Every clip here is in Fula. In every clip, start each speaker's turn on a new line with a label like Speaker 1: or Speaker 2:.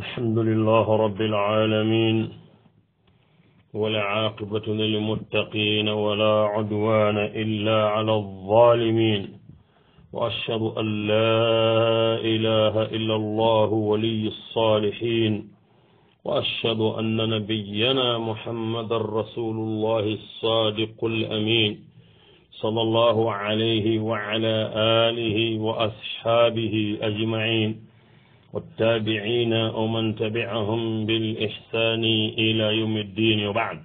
Speaker 1: الحمد لله رب العالمين ولعاقبة للمتقين ولا عدوان إلا على الظالمين وأشهد أن لا إله إلا الله ولي الصالحين وأشهد أن نبينا محمد رسول الله الصادق الأمين صلى الله عليه وعلى آله وأصحابه أجمعين والتابعين ومن تبعهم بالإحسان إلى يوم الدين وبعد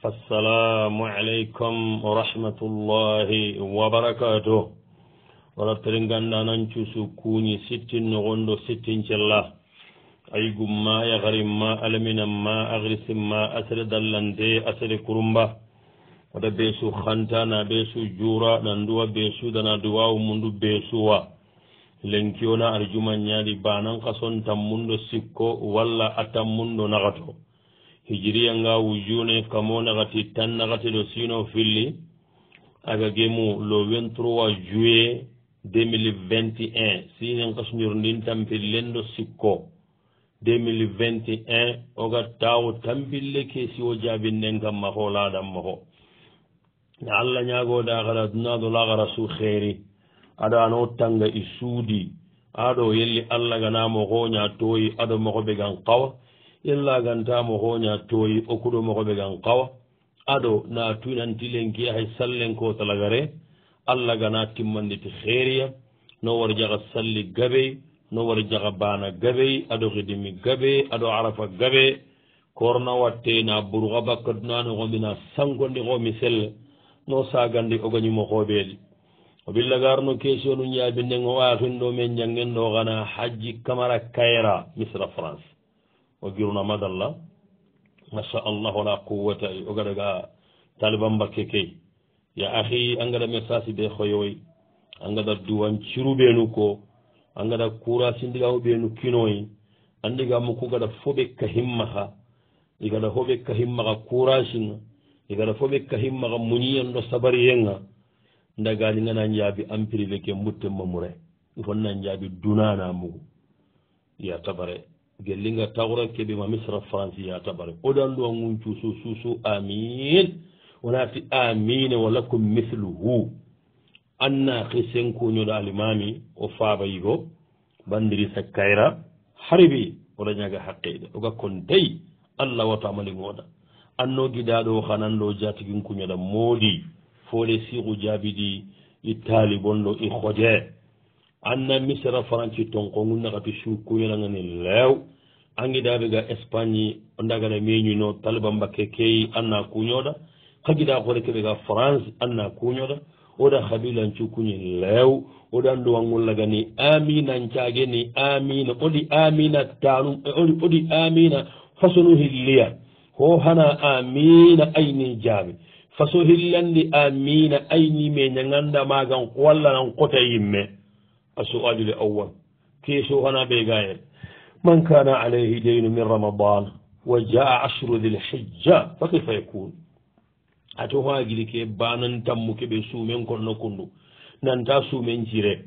Speaker 1: فالسلام عليكم ورحمة الله وبركاته ولترين غاندا نانچو سكوني ستين نغندو ستين جلا أي ما يغرم ما ألمنا ما أغرس ما أسر دلندي أسر كرمبا ودا بيسو خانتانا بيسو جورا نندوا بيسو دنا دواو مندو بيسوا lenkiyona ar jumanñaadi banan kason tammundo sikko walla a tammundo nakato hijiriya nga wujune kamo nakati tan nakati do sino filli aga gemu le vingt trois juillet deux mille vingt un sinen kasondirondin tampillendo sikko deux mille vingt un oga tawo tampille ke siwo jabinnen kam maho laadan maho allah ñagoda kara dunado lagara su heeri aɗano tanga e suudi aɗo yelli allah ganamo hoña toyi aɗo mogoɓe gan kawa yellagantamo hoña toyi okuɗo mogoɓe gan kawa aɗo na tunanti lenki hay sallen ko talagare allah gana timmande ti heeriya no wara jaga salli gabey no wara jaga bana gabey aɗo hidimi gabe aɗo arafa gabe korna watte na buruga bakka dunanogomi na sankondi homi selle no sagandi ogañimo hoɓeli o billagarno question uñaabi nden o waatunɗo men janngenɗo kana hajji camara kayra misra france o giruna madalla macha allah wala quwata o gaɗa ga talibambakke key ya ahi angaɗa message ɓe hoyoy angaɗa duwan ciru ɓeenu ko angaɗa courage indigamo ɓeenu kinoy andigamo ko gaɗa foɓe ka himmaha igaɗa hoɓe ka himmaha couragea igaɗa foɓe ka himmaha muñiyenɗo sabari yenga ndagaali ngana njaabi ampirile ke mbutte mamure ɗi fonna njaabi dunana mugu ya tabare gellinga tawra keɓe ma misra france ya tabare oɗan ɗo nguncu su suusu amin wonati amine walla ko mithle hu anna hisenkuñoɗo alimami o faaba yigo bandiri sa kayra haribi oɗa ñaga haqqeɗe oga kon dey allah wata malingoɗa anno giɗaɗo o hananɗo jatigin kuñoɗa moodi foole siiku jaabidi i taali bonɗo i hodee anna misra franci tonko ŋun nakati su kuyiraŋani leew angi daabe ga espagne ondagana meñuno talibamba ke keyi anna kuñoɗa kagida hore keɓe ga france anna kuñoɗa oda habilancu kuñi leew oda nduwaŋullagani amina ncaageni amina oɗi amina tanum e oɗi amina façonu hilliya ho hana amina ayni jaabe faso hillandi amina ayni me ñaganda magan walla nan kota yimme a sualule awal keso hana ɓe gayel man kana alayhi deynu min ramadan wa jaa ashru dil hijja fakifa yakun ato hagili ke banan tammu keɓe sumen konno kundu nanta sumen jire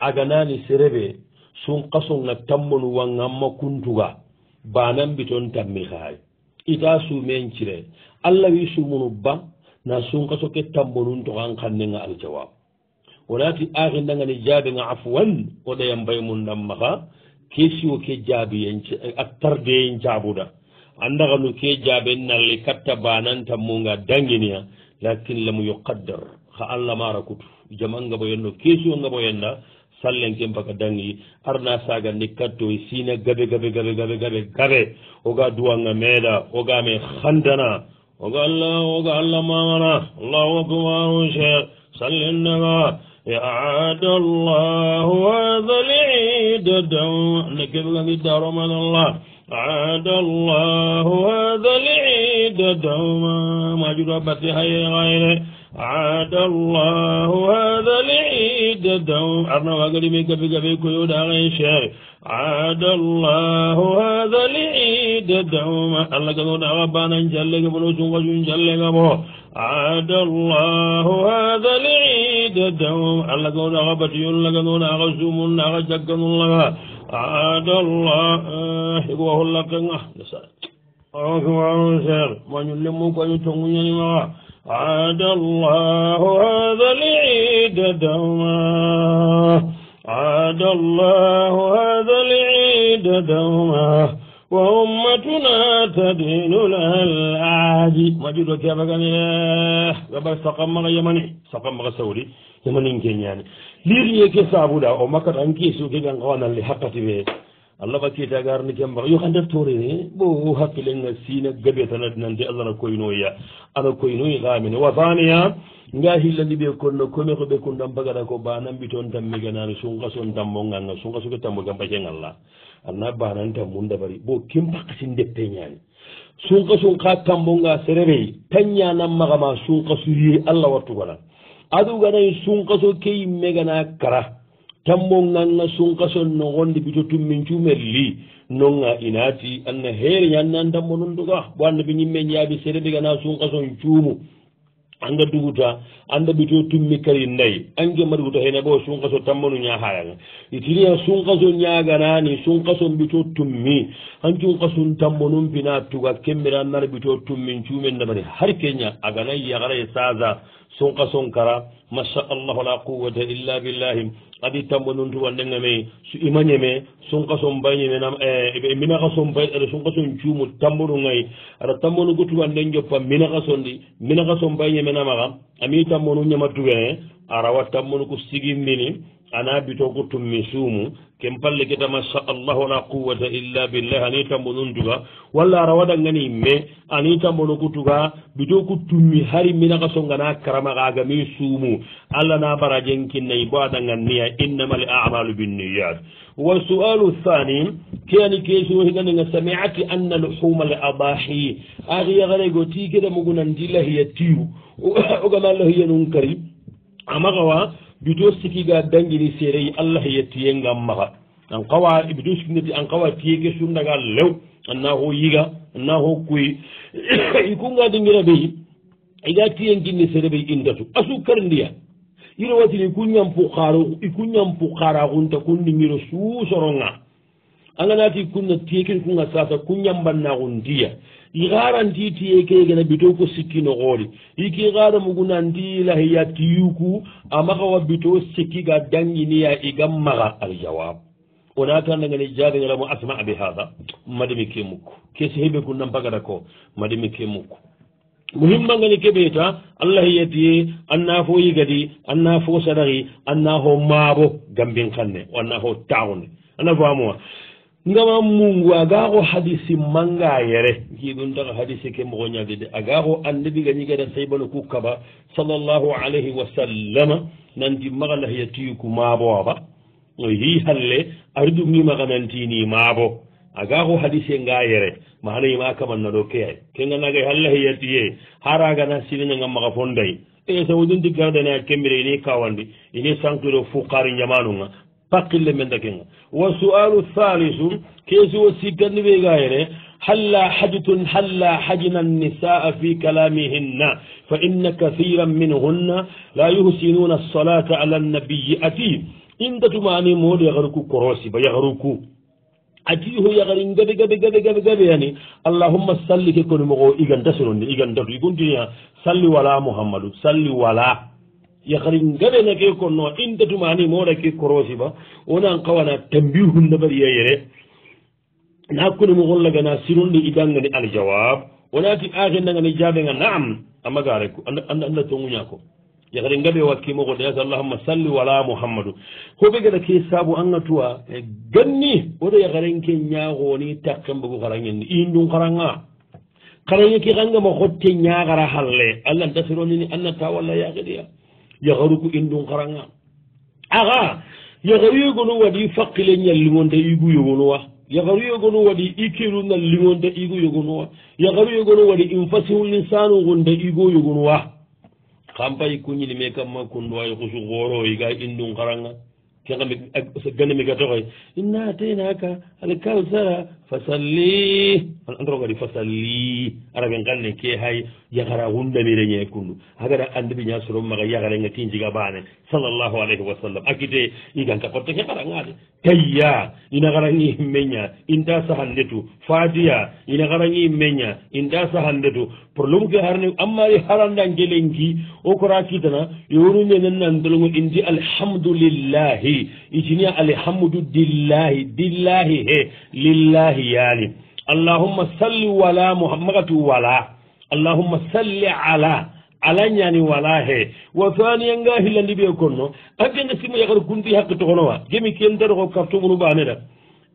Speaker 1: aganani sereɓe sun kasonga tammun wangamma kuntuga banan biton tammi hay ita sumen cire allah wi sumunu ban na sunka soke tambo nun to an kannenga aljawab wonati arindagani jaabenga afwan o ɗayam bay mum dammaha ke siwo ke jaabi en a tarde en jaabuda andaga no ke jaabe nalle katta bananta muga dangineha lakin lamu yuqaddar ha allah mara kutu jamanga ɓoyenno keesio nga ɓoyenna sallenken mbaka dangi arna sagandi katto e sina gabe gabe gabe gabe gabe gabe oga duwanga meeɗa oga men handana وقال له وقال لما منا الله أكبر وشيخ صل النبى يا عاد الله هذا العيد دوما نكب قد رمضان الله عاد الله هذا العيد دوما ما بس هاي غيره عاد الله هذا العيد عرنا وقلي من قبل قبل كيودا غيشاي عاد الله هذا العيد دوما الله قلونا ربانا نجلق بلوسو وجو نجلق بو عاد الله هذا العيد دوما الله قلونا ربتي الله قلونا غزوم الله جقن الله عاد الله يقوه الله قلنا نسال أعوذ بالله من الشيطان الرجيم بسم الله الرحمن الرحيم عاد الله هذا العيد دوما عاد الله هذا العيد دوما وأمتنا تدين لها الأعادي مجد وكيفكم الله غبا سقم مغا يمني سقم مغا سولي يمني كينياني ليريكي سابودا أو مكت أنكيسو كيغان غوانا لحقتي بيه allah bakkiita garni kemba yo ka ndeftore ne bo hakkilenga siina gabe tanadinande allah na koynoya ana koynoyi gamine wa baniya nga hillandi ɓe konno komi ko ɓe kundan bagata ko banambi toon tan miganani sunga son tammo ganga sunga soke tammo gam bacen allah anna banan tammun dabari bo kem pakkasi ndeppeñani sunka sun ka tambonga sereɓey tanñanan magama sunka suyi allah wattugona aɗuganayi sunka so keyi megana kara tambo ganga sunkason nogondi bito tummin cumer li nonga inati anna heere ñannani tambo non duga bo annabi ñimme ñaabi serebi gana sunkason cuumu anga duguta anda bito tummi kari nayi anjo mbaɗi guta hene bo sunkaso tambonu ñahalanga itiniya sunkaso ñaganani sunkason bito tummi han cunkason tambonun pina tuga kemmira mara bito tummin cuumen dabari har kenya aganayi yagaraye sasa sunka sunkara masha allahu la quwata illa billahi adi tambo nuntu wandenga me su imañeme sunka son bayñeme nam e minaka son bay ada sunka son cuumu tamboru ngay ada tambonu gutu wanden joppa minaka son ndi minaka son bayñeme namaxa ami tambonu ñamatuwee eh, arawa tambonu ko siginni ni ana abito ko tummi suumu ken palle gedama sa allahu la quwata illa billah ani tambo non tuga walla ara waɗangani imme ani tambono ko tuga bito ko tummi hari minaka songana karama kagami suumu allah na barajenkinnayi bo adaganniya innama l amalu binniyat wa sualu thani ke ani question higandega samiati anna luhuma l adahi akiyakarego ti kedamogunandi lahiya tiu ogama lahiya nun kari amakawa duto sikiga dangini seereyi allah yettiye ngam maha an qawa ɓeto sikinati an qawa tiye kesundaga lew annaho yiga annaho kuyi ikunga dangira ɓeyi iga tiyen kinni seere ɓey indatu asu karndiya yirowatini ikuñampu xaro ikuñampu xara xunta kundingiro suu soronga a ganati kunna tiyeken kunga sasa ku ñambannaxu ndiya ixaranti tiyekegena bito ko sikkino xooli iki xara muguna ndiilahiya tiyuku amaxawa bito sikkiga dangginiya iga maxa aljawab ona kandangani jaganaramo asma be hada madimi ke mukku ke sehebe kunna mpagata ko madimi ke mukku muhimmangani keɓeta allahyetiye anna fo yigadi anna fo saɗaxi anna fo maabo gambin xanne o anna fo taxunde ana famuwa ngama mungu agaako hadisi manga yere ki ɗum taka hadisi ke mogo ñagide agaako annde ɓi gañi gaɗen saybano ku kaɓa sall allahu alayhi wa sallama nanti maga lahya tiyuku maabo aba hi halle ari ɗum ni maga nantini maabo agaako hadise nga yere mahana ima kamanna ɗo ke ay ke ganagay ha lahya tiye haragana sinanagam maga fon day e sa wodun ti garde ne a kembire ini kawandi ini sanctude fuqari ñamanu nga باقي من دكينا وسؤال الثالث كيس وسيكن بغيره حلا حجة حلا حجنا النساء في كلامهن فإن كثيرا منهن لا يحسنون الصلاة على النبي أتي إن تتماني مول يغرقو كروسي بيغرقو أتيه يغرين غبي غبي غبي غبي غبي يعني اللهم صلي كي كن مغو إغن تسنوني إغن تسنوني إغن تسنوني صلي ولا محمد صلي ولا yakarin gabe na ke konno inda tumani mora ke korosi ba wana an kawana tambir hun da bari yayere na kuni mu gulla gana sirun da idan gani aljawab wana ti akhir nan gani jabe nga na'am amma gare ku anda anda to munya ko yakarin gabe wa ke mogo da ya allahumma salli wala muhammadu ko be gada ke sabu an na tuwa ganni wada yakarin ke nya goni takkan bugu karanyen indun karanga karanyen ke kanga mo hotte nya gara halle allah da sirun ni anna ta wala yakidiya yahoru ko indun horaga aha yahoru yegonu waɗi fakkile ñallimonde igu yogonuwa yahoru yegonu waɗi ikiru nallimonde igu yogonuwa yahoru yegonu waɗi infasihul lisanu gonde igo yogonuwa kampay kuñinime kamma kunduway kusu goroyi ga indun horaga kegame ganemigatoxoy innateenaka alkausara fasalli on androgadi fasalli ara ɓe ganne ke hay yagara wundamireñe kundu hagara andiɓe ñasoro maga yagarenga tinjiga bane sallllahu alayhi wa sallam akite iganka potta heɓarangade tayya ina garani meña inta sahande tu fadiya ina garani meña inta sahande tu probléme ke harani ammari e harandangelenki o kora kitana yowrumenenandolgo indi alhamdulillahi itini alhamdu dillahi dillahi he lillahi yaani allahumma salli wala muhammagatu wala allahumma salli ala ala ñaani wala he wa saniyanga hillandi ɓee konno agenga simo yakata kunti hakki toxonowa gemi kentata ko carto munu ɓaane ɗa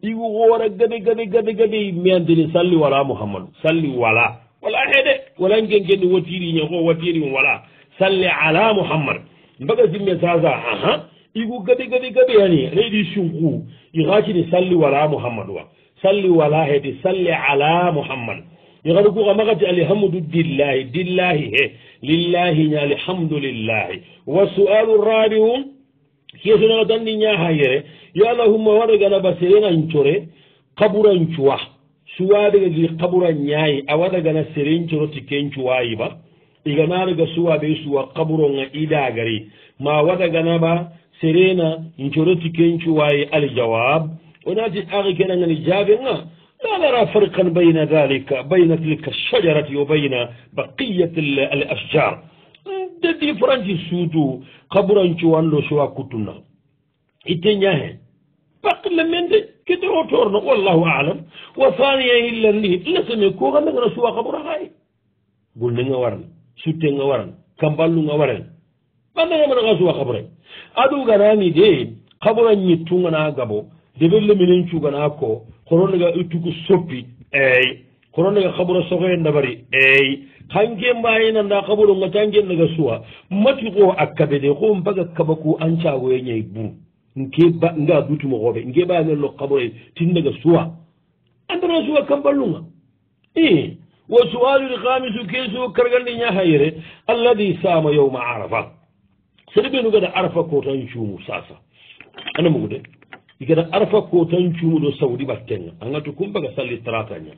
Speaker 1: igu xoora gabi gabi gabi gabi meandini salli wala muhammadu salli wala wala he de wala ngengendi watiiri ñe xo watiiri wala salli ala muhammad mbaga simme sasa aha uh -huh. igu gabi gabi gabi yani reydi sunku igakini salli wala muhammadu wa salli wala hedi salli ala muhammad igadu kuga magati alhamdu dillahi dillahi he lillahi ña alhamdulillahi wa sualu rabiu kesunaga danni ñaha yere yo allahumma waɗo gana baserenancore kaburancuwa suwadegagi kabura ñayi awaɗa gana serencoro ti kencuwayiba iga naɗoga suwa ɓe suwa kaburonga iɗagari ma waɗa ganaba serena njoroti kencu wayi aljawab onati ari kenangani jaabenga لا نرى فرقا بين ذلك بين تلك الشجرة وبين بقية الأشجار دي فرنسي سودو قبران جوان لو شوا كتنا إتنياه بقل من دي كدرو تورنا والله أعلم وثانيا إلا لي إلا سنكو غنغنا شوا قبر هاي قلنا نغا سوتين نغا كمبالو نغا ما بنا نغا شوا قبرين aɗu ganani de kaɓura ñittugana gabo debelle minen cugana ko hononega ittugu soppi ey eh, hononega kaɓura sohoye dabari ey eh, hanke mbayinanda kaɓuronga tangennaga suwa mati ko akkaɓe de ho mbaga kaɓaku an cagoye ñay bur nke ba nga dutumahoɓe nke ɓanello kaɓuroye tinnaga suwa andana suwa kamballunga i eh, wa sualu lhamisu kesu kargandi ñahayre alladi sama yauma arafa saɗa ɓe nugada arafa ko tan cuumu sasa anamugude igata arafa ko tan cuumu ɗo sawdi ɓattenga agatu kumbaga salli trata ña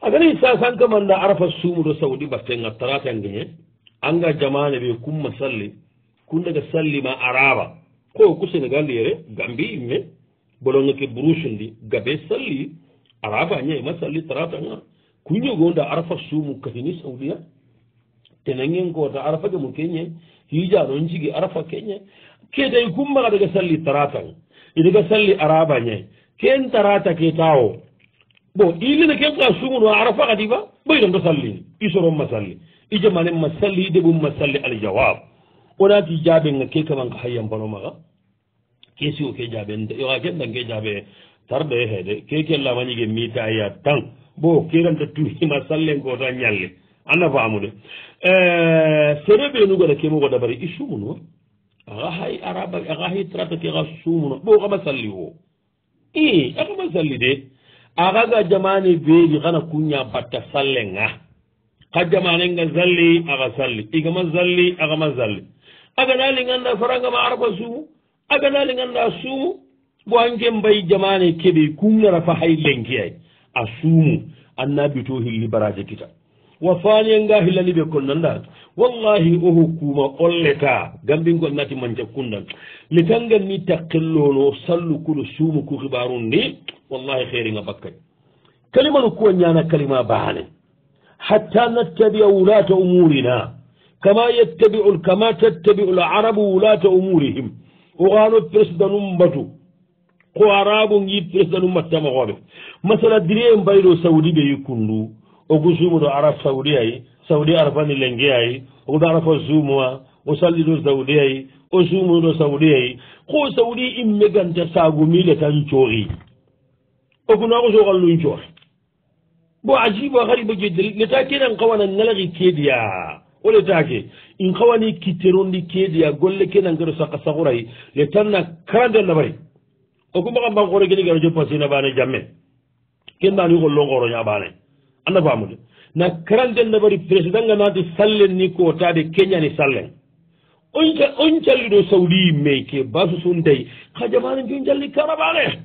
Speaker 1: agani sasa an kamanda arafa suumu ɗo sawdi ɓattenga trata nge he anga jamane ɓe kumma salli kundaga salli ma araba ko kusenega liere gambi imme bolongake brouche ndi gabe salli araba ña ima salli trata ga kuñogonda arafa suumu katini sawdiya tenangen kota arafa ke mu kenye hija non jigi arafa kenye kedai kumba ka daga salli taratan idaga salli araba nye ken tarata ke tawo bo ilin ke ka sungu no arafa ka diba bo idan salli isoro masalli ije mane masalli de bu masalli al jawab ona ti jabe ngake kaman ka hayyan bano maga kesi o ke jabe nda yo ake ndange jabe tarbe hede keke lamani ge mitaya tan bo kiran ta tuhi masalle ko ta nyalle anna faamude sereɓe nugana ke mogo dabari i sumuno aga hay araba aga hay trata ke aga sumuno ɓo xama salli wo i axama salli de axaga jamane beegi xana kuña batta sallenga xa jamanenga salli axa salli igama salli axama salli agana linganda farangama araba sumu agana linganda sumu bo anke mbayi jamane keɓe kungara fa hay lenkeyay a suumu anna bito hilli baraje kita وفاني انغاه اللي بيكون نندات والله اوه كوما قلتا غمبين قلنا تي من جبكونا لتنغا مي تقلونو سلو كل سومو كو غبارون ني والله خيري نبكت كلمة نكوة نانا كلمة بحانة حتى نتبع ولاة أمورنا كما يتبع كما تتبع العرب ولاة أمورهم وغانو ترسد نمبتو قو عرابو نجيب ترسد نمبتا مغابه مثلا دريم بايلو سودي بيكونو ogu zumu ɗo arabe saoudi ay saoudi arabani lengue ay oɗo arafa zumu a o salli ɗo saoudi ay o zumuɗo saoudi ay ko saoudi immeganta sagu mille tan coori oguno ako sokallun coori bo ajiba hariba jeddel leta kene an kawana ngalaki keediya o letake in kawani kitterondi keediya golle kene an gero saka sahuray letanna karandellabari ogumakambankoro kene gero jopasina bane jamme ken mbani kollo ngoroña bane allah faamude na karalden nabari président nga naati sallen ni ko taade keñani sallen on calliɗo sawli meyke basu sun dey ha jamani jo jalli karabane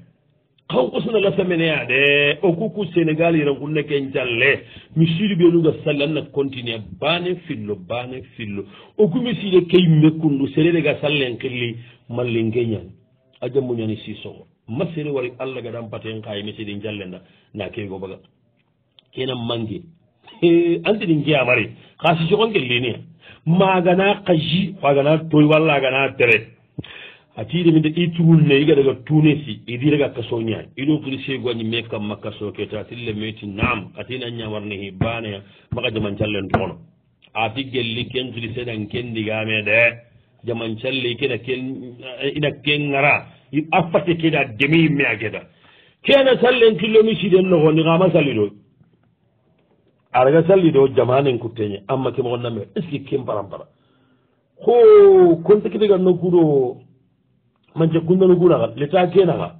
Speaker 1: kan kosna lasameneyade o kuku sénégal ira gunne ken jalle mi siidi ɓenuga salle anna continue bane fillo bane fillo o kumi siide key mekkundu sérénega sallen qilli malli geñan a jammuñani sisogo ma sére wari allah gadan baten kayi mi siidi jallenda na kewigo bagat kenan mange eh, anti ɗin geyamari ka si sogonke linia magana kaji wagana toy walla agana tere ati deminde i tuul ne iga daga tuune si idi daga kasoña ino krisie goañi me kamma kaso keta tille meti nam atina ñamarne hi baneya maka jaman callen togono ati gelli ken krise dan ken ndigame de jaman calle kena ken eh, ina ken ngara affate keda demi yimme a geda kena sallen tillomi siden nogo ni kama salli doy araga sallide o jamanen kurteñe amma kemo on namme est ce que kem parampara ho konte kitegal nokkuɗo manca gundano gunaka leta kenaka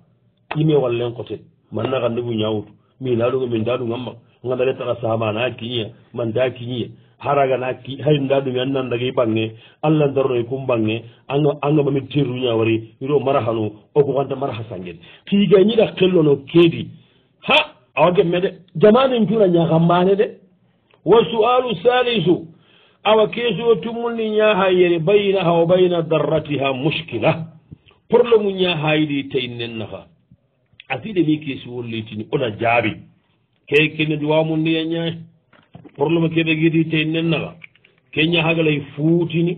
Speaker 1: yime wallen kote mannaka nde bu ñawutu min aɗum min da ɗum amma ganda letaka sama na kiñiya man da kiñiya haraga na ki hay da ɗum an nan dagay bangge allah ndarno e kum bangge anga mamin terru ñawari wiro mara hano o ko ganta mara ha sangen kiigañiɗa qellono keedi ha awa gemme de jamanin cuna ñahammane de wa sualu salisu awa keesuyo tumulni ñaha yere bayinaha wa bayina darratiha mushkila probléme ñaha yiɗi tayin nennaha aside mi keesiwol leytini ona jaabi ke kene duwamundiya ñaahe probléme keɓe geedi tayin nennaha ke ñahagalay fuutini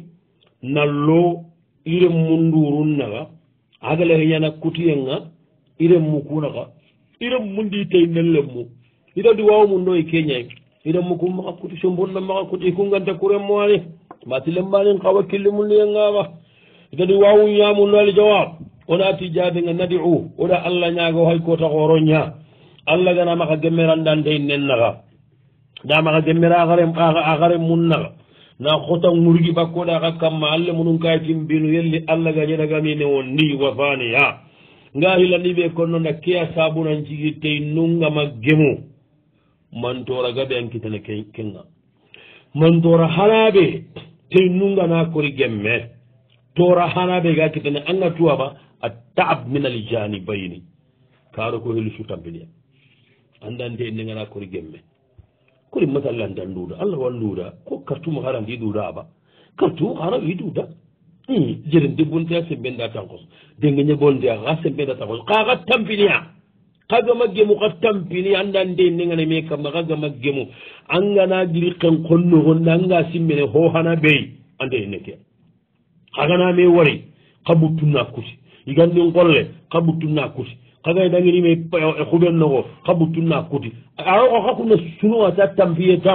Speaker 1: nallo irem mu nduurun naha hagalaheñana kutiyenga irem mu kunaha iram mundi tey nelle mu iradi wawmu noye keñay iram mu ku maxa kuti so mbonna maxa kuti i ku nganta kuren moani matile mbanin xawa killi mu liye ngaama idadi wawu ñaamu noali jawab ona ti jaabi nga nadi u oɗa allah ñaago hay kota xooro ña allah gana maxa gemmerandan dey nen naxa nda maxa gemmera axare axare mun naxa na xota ngurgi ɓakkoɗaxa kamma allah munum kaytim binu yelli allah gañeɗagami ne wo ndi wa faniya ngaawilani ɓe kono na keya sabunan cigirtey nungama gemo mantora gaɓe ankitana kenga mantora hanaɓe tey nungana kori gemme tora hanaɓe ga kitane anga tuwaba a taab minaljani bayni kaaro ko helu sutampiniya andante ndegana kori gemme kori masallantan nduuda allah wan nduuda ko kartuma haranti duuda aba kartuma hara wi duuda Hmm, jere debbon te se mbenda tankos denge ñagol ndea xa se mbenda tankos xaxa tampinia xa gama gemu xa tampini anda nde nengane me kamma xa gama gemu angana giri xen qonnoxo nanga simmene xooxana ɓey ande neke xagana me wari xa ɓuttunna kusi igandin qolle xa ɓuttunna kusi xaga dangiri me e eh, xuɓen eh, noxo xa ɓuttunna kuti aoxo xa kuna sunoa ta tampiyeta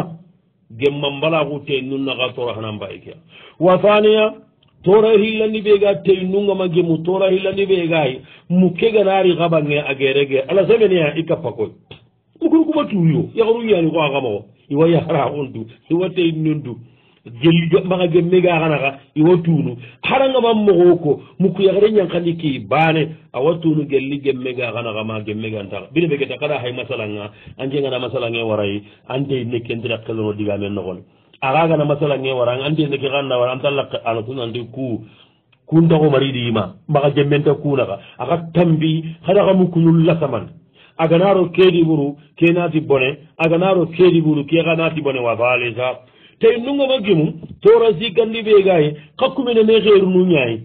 Speaker 1: gemma mbala xu te nunna xa soraxana mbaikea wa saniya tora hillani ɓeega tey nungamage mu tora hillani ɓeegay mu keganari xaɓange a gerege ala semenea i kappa koy mukoru kuma tuyo yaxaru yani ko a xamawo iwa yahara ondu iwa tey nondu gel maxa gem mega xanaxa iwa tunu xarangama moxo ko muku yaxre ñanxani ki baane awa tunu gelli gem mega xanaxa ma gem megantax bine ɓegeta xaɗa xay masalanga a njenganda masalange waray antey ne kentiraqelono digame noxone araagana masala nge wara an andiene ke xanna wara anta lak ana tun andi ku ku ndaxomariidiima maxa jemmenta kuunaxa axa tambi xaɗaxa mu kuñu lasaman a ganaro keedi ɓuru ke naati bone a ganaro keedi ɓuru ke xa naati bone wa fa alesa tey nungoma gimu torasi gandi ɓeegaye xa kumene ne xeeru nu ñaay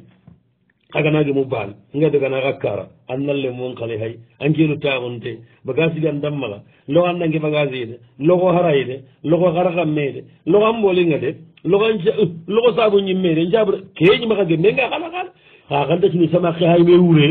Speaker 1: aganage mu baan nga dogana akkara an nalle mon kali hay an kelu taamonte bagage gan dammala logo an nangi bagage yide logo harayde logo harakammeyde logo an mboolinga de logo an euh, logo saabu ñimmeyde njaabre keeñi maxa ge me nga xala xala xa xantatini sama xehay me wure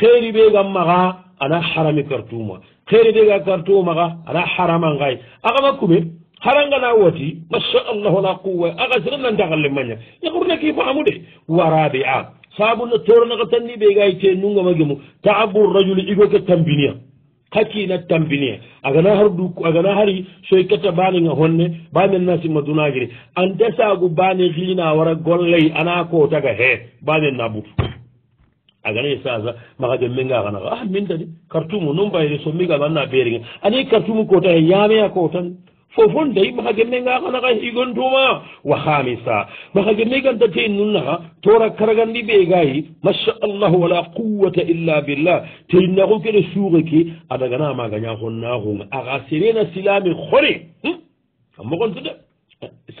Speaker 1: xeeri ɓeega maxa ana harami cartuma xeeri ɓeega cartuma maxa ana haraman xay axama kume harangana wati masha allahu la quwa axa sirananta xalle maña yaxurna ki faamu de waraabe a faabunno toronoko tanni ɓe gay te nunga magemu taabu rajuli igoke tambiniya hakkina tambiniya agana har du agana hari soy ketta baniga honne bamen nasimma dunajiri an desagu bani hina wara gollay ana ko taga he bamen nabutu aganaye sasa makaje minga ganaa ah min tadi cartumu nombayri so migal anna beeringa ani cartumu kota he yaameya ko tan fofontayi maxa gemme nga xana xa xigantuma wa xamisa maxa gemme ganta te nun naxa tora karagandi ɓeegayi masha allahu wala quwata illa billah teyinnaxu kene suuxe ke a dagana magaña xonnaxunga axa serena silami xore a moxontu de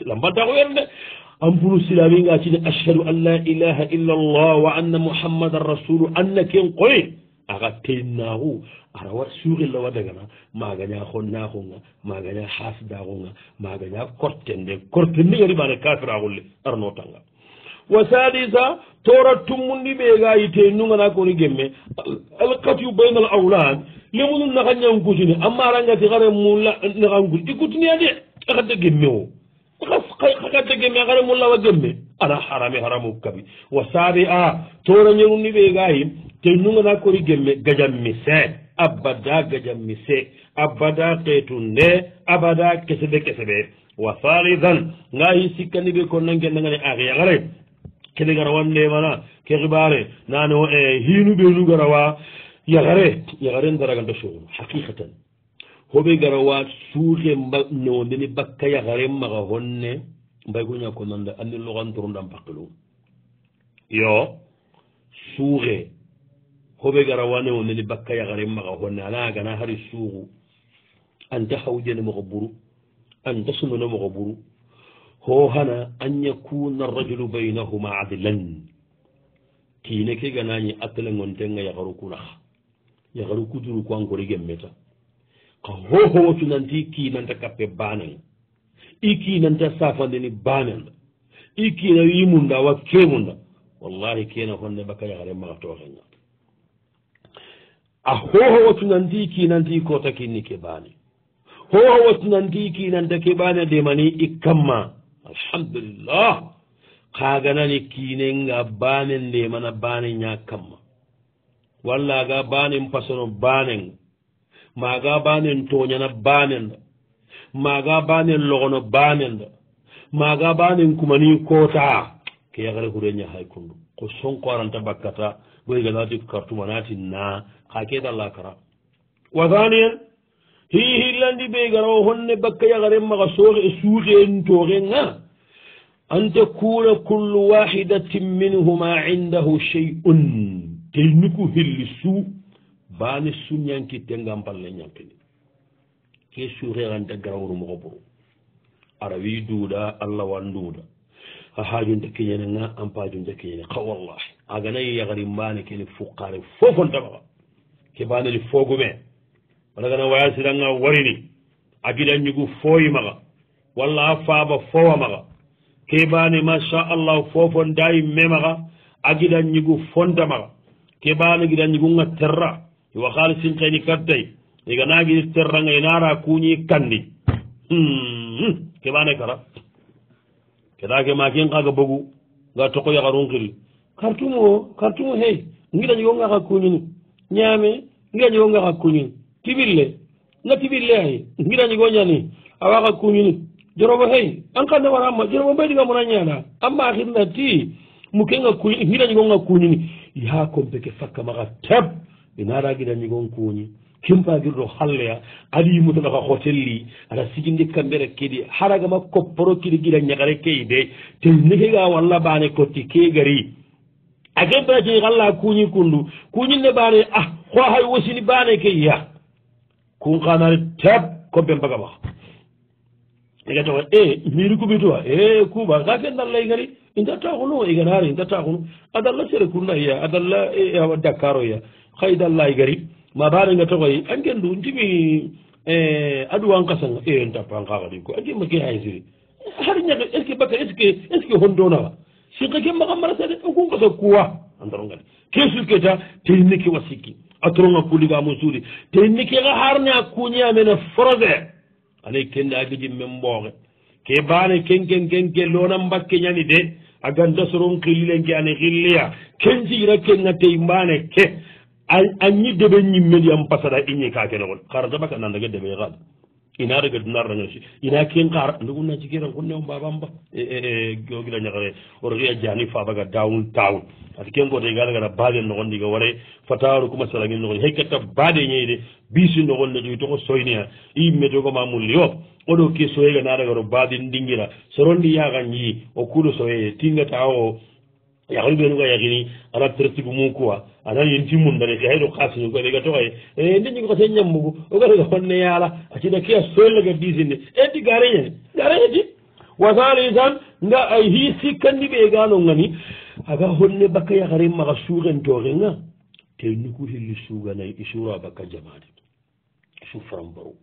Speaker 1: lambantaxuyen de an pulu silami nga cine ashhadu an la ilaha illa allah wa anna muhammadan rasulu anna ken qoye axa teinnaaxu ara wa suuxilla wa dagana maagaña xonnaaxunga maagaña xaasdaaxunga maagaña kortende kortende garimaane kafiraaxulle aranotanga wa sadisa tora tummundi ɓeega yite nungana koni gemme alkatyu bainal aulad lemunu naxa ñangkutini amma arangati xare mula naxankuti i kutiniya de axatta gemme o xa xatta gemme xare mulawa gemme ana harame haramum kabi wa saabi a toranñeruni ɓe gayi te nugana kori gemme gajanmi see abada gajanmi see abada qeetu nde abada keseɓe keseɓe wa salidan gayi sikkani ɓe kon nangue nagane ayagare kene gara wanndemana ke xibare nane o e eh, hinuɓe nu garawa yagare yagare daraganta sogum haqiqatan hoɓe garawa suuxe mba newo mbene bakka yagare maga honne mbaygoña ko nande andi loxantorundan pakkilu yo suuxe hoɓe gara wanewo neni bakka yaxari maxa honne ana agana hari suuxu anta xawjene moxo buru anta sumene moxo buru ho xana an yakuna rajulu baynahuma adlan kiine ke ganañi atelengontenga yaxaru kunaxa yaxaru kuduru ku ankori gemmeta xa hoho wo cunanti kiinanta kappe baanang ikiina nte safande ni baanel nda ikiina yimunda wa kemunda wallahi kena honne baka yaare matoorenga a hoho wattunandi kiinandi ko takinni ke baane hoho wattunandi kiinande ke baane ndemani i kamma alhamdulillah kaganani kiinenga baane ndemana baane ña kamma walla ga baanen pasono baanen maga baanen toñana baanenda maaga baanen logono baanen da maaga baanen kumani koota ke yagare hure ñahay kundu ko sonkoaranta bakkata goyganati kartuma naati na ka keeta la kara wa haniyen hihillandi ɓe garao honne bakka yagare maga sooxe suuxeen tooxenga anta kuna kullu waxidatin minhuma indahu chey un teynuku hilli suu baane suñankitte ngampalle ñampini ke suuxeerante garawru moxo buru arawi duuda allah wan duuda a haajunta kiñene nga en paajunta kiñene xa wallahi aganay yaxari mbaane kene fuqaare fofontamaxa ke mbaaneni foogume walagana wayasiranga warini a gida ñugu fooyi maxa walla a faaba fowa maxa ke mbaane macha allah foofondayi me maxa a gida ñugu fonta maxa ke mbaane gida ñugunga terra iwa xaalisin xeeni kartay iga nagi serranga inara kuñi kandi hmm, keɓane kara keɗa ke makin kaga bogu ga toko yakarun kiri kartumo kartumo hey ngiɗa ñigongaka kuñini ñame ngiɗa ñigongaka kuñini tibille na tibille ay ngiɗa ñigoñani awaka kuñini jorobo hey an kanne warama jorobo mbayɗiga mona ñana amma akirna ti mukenga kuñini ngiɗa ñigonga kuñini yakompeke fakka maka teb inaragiɗa ñigon kuñi kempagirɗo halloya alimuto ɗoka hotelli aɗa sigi ndikka mbere kedi haraga makko poro kiɗe gila ñagare key de te nekega walla bane kotti kegari a kempaceyi halla kuñi kundu kuñinne bane ah ho hay wasini bane key ya kun kanare tab kobbe mbaga ba ega toko e eh, miri kubituwa eh, e kuba ga fendallay gari indattakuno e iganari e indattakuno e adalla sere kurnaya adalla eh, e awa dakaroya hay dallay gari ma baɗenga togoy an gendu jimi e adu wankasanga e en dappa kakadi ko a gimma ke haysiri har ñaga est ce que bakka est ce que est ce que hondonawa sinka gemma kam marasade o kunkasa kuwa andarongadi ke sukketa teyinniki wa sikki a toronga kulliga mum suudi teyinniki ka harne a kuñe amene froge anay kende a gijim men mboge ke baane kenken kenke lona mbakke ñani de a ganta soron kililenke ane xilliya ken siira kenga tey mbaane ke añi deɓe ñimmel yam pasada iñi kakenogol xar deɓake nandage deɓe xaad ina rega dunarnañoci ina kin xar ndugu naci kerenkunneo mbabamba e, e, e, gila ñaxare oroxiya jani fabaga dawun tawun ati ken gote galagana baade noxon ndiga ware fatawaru kuma salangi noxon hekkata baade ñeyde bisi noxon ne joy toxo soyneya i metogoma mulli o oɗo ke soyega naragaro baadin ndingira soro ndi yaxan yi o kuɗo soyeye tingataxo yahol ɓeenu ga yahini ana pertigu mum quoi anan yentimum dane ke hayɗo kasni ga ɗega toxoye e nde jigo kate ñammugu o gatega fonne yaala a cida ke a soyllaga disinne e ndi gareñene gareñeti wasali tan nga a hi sikkandi ɓe gano ngani aga honne bakka yahare maxa suxentoxenga te nukutilli suganay i suura bakka jamaade i su frambaru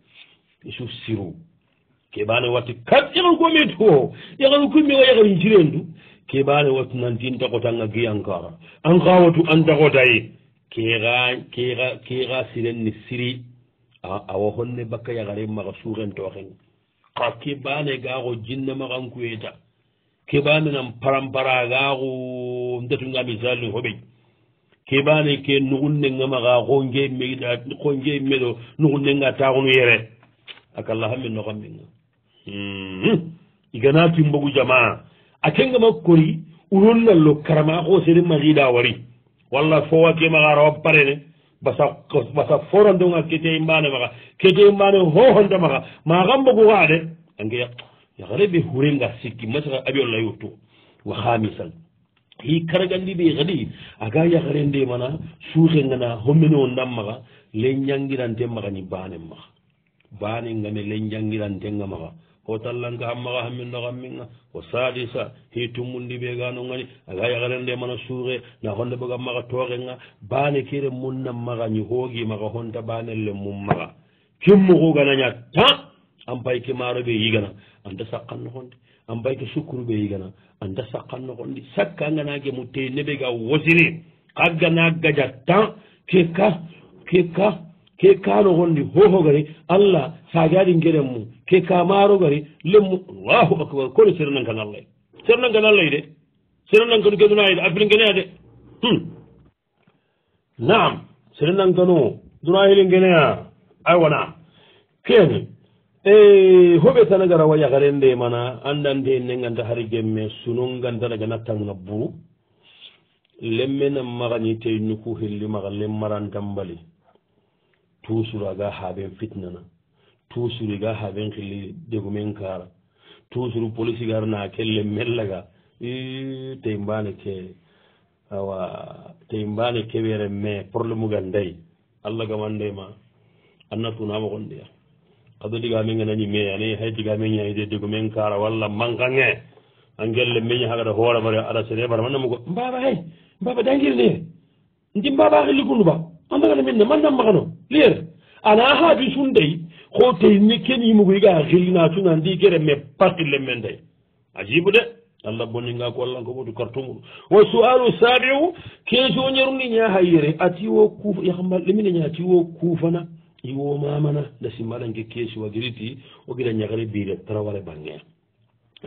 Speaker 1: i su siru ke bane watti kat yaxan kome tuo yaxan kumbe wa yaxarin cirendu keɓaare wattunantin taxotanga giyankara anxawatu an taxotaye kea kea keexa siren ni siri awa honne bakka yaxare maxa suxentooxen xa keɓaane gaaxo jinna maxankuyeta keɓaanenan parampara gaaxo ndatunga misal ni hoɓe keɓaane ke nuxun nenga maxa xongeea xonge meɗo nuxun nenga taxunu yere a kallaxamme noxammenga hmm. igana timbogu jamaa a kenga ma kori urunnallo karama hoosere maxiiɗa wari walla fowa ke maxarawa parene basa basa forondonga kete imbane maxa kete imbane hohonta maxa maxam bogoxa de ange yaxare ɓe xurenga sikki masaxa aɓiolla yurtu wa xamisal i karagandi ɓe xadi aga yaxare ndemana suxengana homeneondam maxa le jangiranten maxani banen maxa banengame le jangiranten ga maxa ko tallanka hammaga hamminno kamminga ko sadisa hi tummundi ɓe ganon gani aga yagarende mana suure na honde ɓoga maga tooxenga bane kire munnan maga ñihoogi maga honta banelle mum maga kimmu kuganaña ta an pay ke maaro ɓe yigana anda saqanno honde an payke sukkuru ɓe yigana anda saqanno honde sakkanganage mu te neɓe ga wosini kaggana gaja ta ke ka ke ka ke kano honde hohogani allah sajaɗi geren mum ke kamaro gari lemmu allahu akbar kono serenankan allah serenankan allah de serenankano gedunayi de abbilingeneya de hmm. naam serenankano dunayili ngeneya aywa naam keni e, hoɓe tana gara wayakarende mana andante ne ganta hari gemme sunon gantanaga nattanna buru lemme nan magani tey nuku helli maga lemmarantambali tusuraga haɓen fitnana toujours ga haɓen qilli degu men kara toujours police gar na kelle mellaga te mbane ke awa te mbane kewere ma probléme ga nday allah gamandema annatunama gonɗeya kado diga men ganañi ma ane hay diga men yayde degu men kara walla mankange a gelle meñi hagada hoore mare aɗa sene bara mannamu go mbaba hay mbaba dangir nde ndi mbaba ki liggundu ba andagana min ne mannammakano liyere ana haaju sun dey ko te ni ken yimugu yiga xilinatu na ndi gere me pakile me nday ajibu de allah boninga ko allah ko wodu carto muɗum wa sualu sabiu keeji o ñerundi ñaha yere ati wo kuufa yahmal ɗemine ña ati wo kuufana iwo mamana nda simmaɗanke keesi wagiriti o gida ñagare biire trawale bange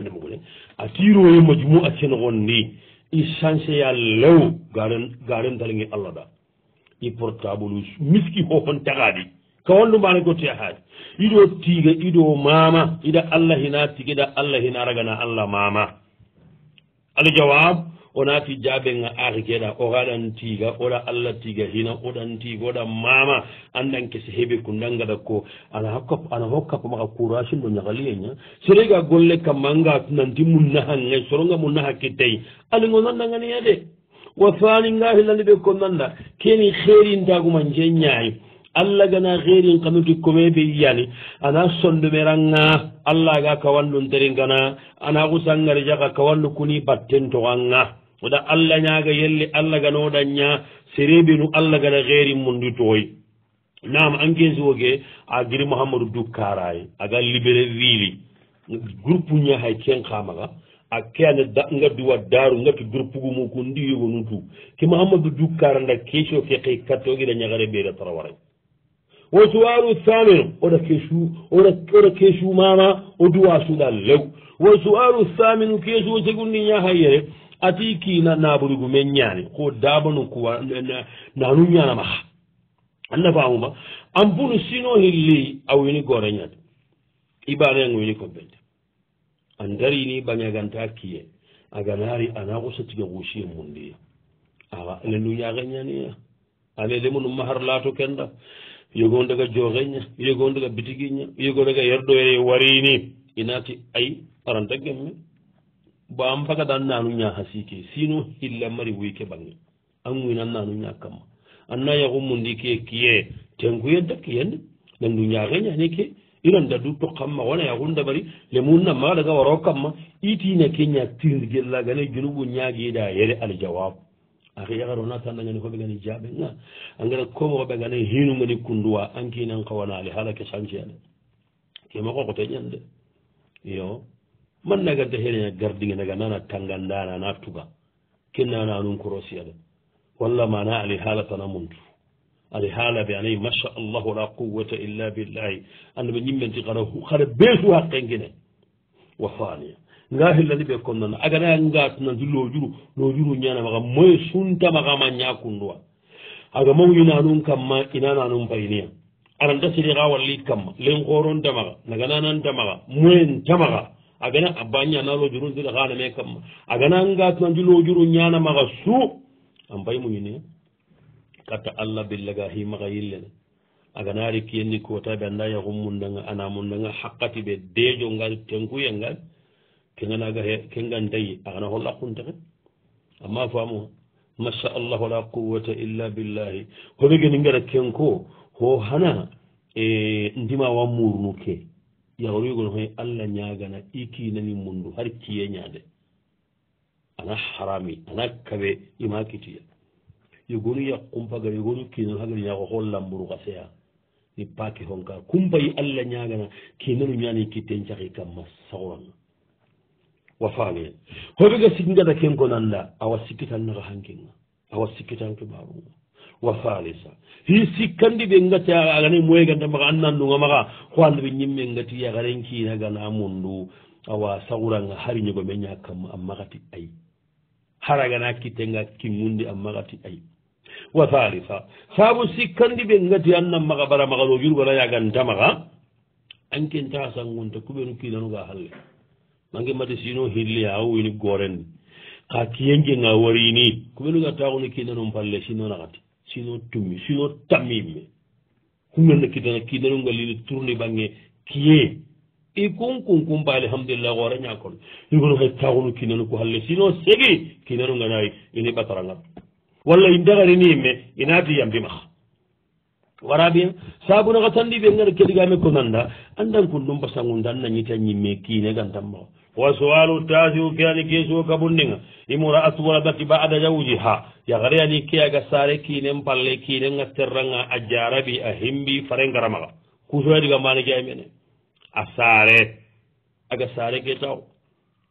Speaker 1: ndemugule a tiroyo majumu a cenogondi i chance ya lew garen garen dalinge allah da i portable miski hohon tagadi ka wallumbaano gotte a haaji iɗo tiiga iɗo maama iɗa allah hina tigi ɗa allah hina ragana allah maama aljawab o naati jaabenga aaki keeɗa oraɗan tiiga oɗa allah tiiga hina oɗan tiiga oɗa maama andan kese heɓe ko ndangaɗa ko ana hokka ana hokka pa maka couragen ɗo ñahaliyeña serega golle ka manga nanti mum nahange soronga mum naha kittayi alingo nandanganiya de wa faaningahilandi ɓe ko nanda keni xeerintaguma jeññaayi allah gana xeerin xanuti kome be yani ana sondumeranga allah ga kawandu nteringana ana xusangarjaxa kawandu kuni batten toxanga oda allah ñaga yelle allah ganoɗanña serebinu allah gana xeerin mundi toxoy nam an ken sogoke a giri mouhamadou dukaraye aga libéré wiili groupe ñahay ken xamaxa a ke ane nga duwa daru ngati groupe gumukundi yogonutu ke mouhamadou dukara nda kecio ke xey katteogida ñaxare ɓeeda tarawaray wo suwalu samiru oɗa kesu oɗa kesu mama o duwa suɗa lew wo suwalu saminu kesu o segundi yaha yere ati kina naɓorigu men ñani ko dabano kuwa nanu ñanamaha anna famuma an punu sino helley a wini gore ñade ibanayan wini kombede an darini bañaganta kiye aganari ana kusatiga kusiye mundiya awa alenu ñaxe ñaniya alede munu maharlato kenda yogon daga jooxeña yogon daga bitigiña yogon daga yerdo ere warini inati ay aranta gemme ba an faga dan nanu ña hasike sino hilla mari wuyke bange anguinan nanu ña kamma anna yago mundi ke kiye tenguye dakkiyene nandu ñaxeñani ke iran dadu tokamma wona yagunda bari lemunna maga daga waro kamma itine ke ña tirgellagane junubu ñagida yere aljawabu a yagarona kandagani hoɓe gani jaɓe ga angara komo hoɓe gane hinumani kunduwa ankinan kawanaale hala ke sanciyade kemakokote ñande yo mannagarde hena gardige naga nana tangandana na tuga kennana num korosiyade walla mana ali haala tana muntu ali haala be anayi macha allahu la quwata illa billahi andaɓe ñimmenti xara xara ɓeesu haqqen kine wa faniya ngahillani ɓe kon noon agana ngatuna dullo juru no juru ñanama kam moye suntama kama ñakunduwa aga mawñuna nun kamma inana nun payniya aran dasiri ka walli kamma len koron tamaka naganaanan tamaka moyen tamaka agana abbaña nalo juru ndira kaname kamma agana ngatuna dullo juru ñanama ka su an bay muñuniya katta allah billaga himaka yillene aganaari kiyenni kotaɓe anda yahu mundaga ana mundaga hakkati ɓe dejo ngari tenkuyengari kegenagahe kengan dayi agana holla kuntahen amma faamu massa allahu la quwata illa billahi hono geni gara kenko ho hana e ndima wa murnuke yawrigon hoy allah ñagana iki nani mundu har kiye ñade ana harami ana kawe imakitiya yogonu ya kumpagar yogonu kinan hagar ñago ho lamburuka seya ni paki honka kumpayi allah ñagana kinanu ñani kitten cahi kamma sawranga wa faamie hoɓege sikkigata ken ko nanda awa sikkitannoto hankenga awa sikkitanke baaruga wa faalisa hi sikkandi ɓe gati agana moyeganta maa annanduga maa ho annaɓe ñimmen gati agaren kiinagana mundu awa sawranga hariñogo meña kamma ammagati ayi haragana kittenga kimmundi ammagati ayi wa thalitha saabu sikkandi ɓe gati annan maga bara maga ɗo jurgo layagantamaga ankentasangonta kuɓenu kiinanuga halle nangge mbaɗe sino hilli ha wini gorenni ka kiyenje nga warini ko ɓelu gattakono kidanum palle sino nakati sino tummi sino tammimme humenno kidana kidanungal lini tourni bangge kiye e kon kon kon mba alhamdulillah ko reñakon yigono hay takono kinano ko halle sino segi kinano ganayi ini ɓataranga walla i ndagarini yimme inaati yambimaha wara bien sabunaka tandi ɓe ngara keɗigame ko nanda andan kon ɗum mbasangu ndan nañita ñimme kiine gantan maa wa sowalu taasiru kerani keesuo kabundiŋa imura asuwara bati baada yawji ha yagareyani keyaga saare kiinen palle kiinen ŋa terraŋa a jarabi a himbi fare ngaramaga kusoyadiga mbani ke amene a saare aga saare ke taw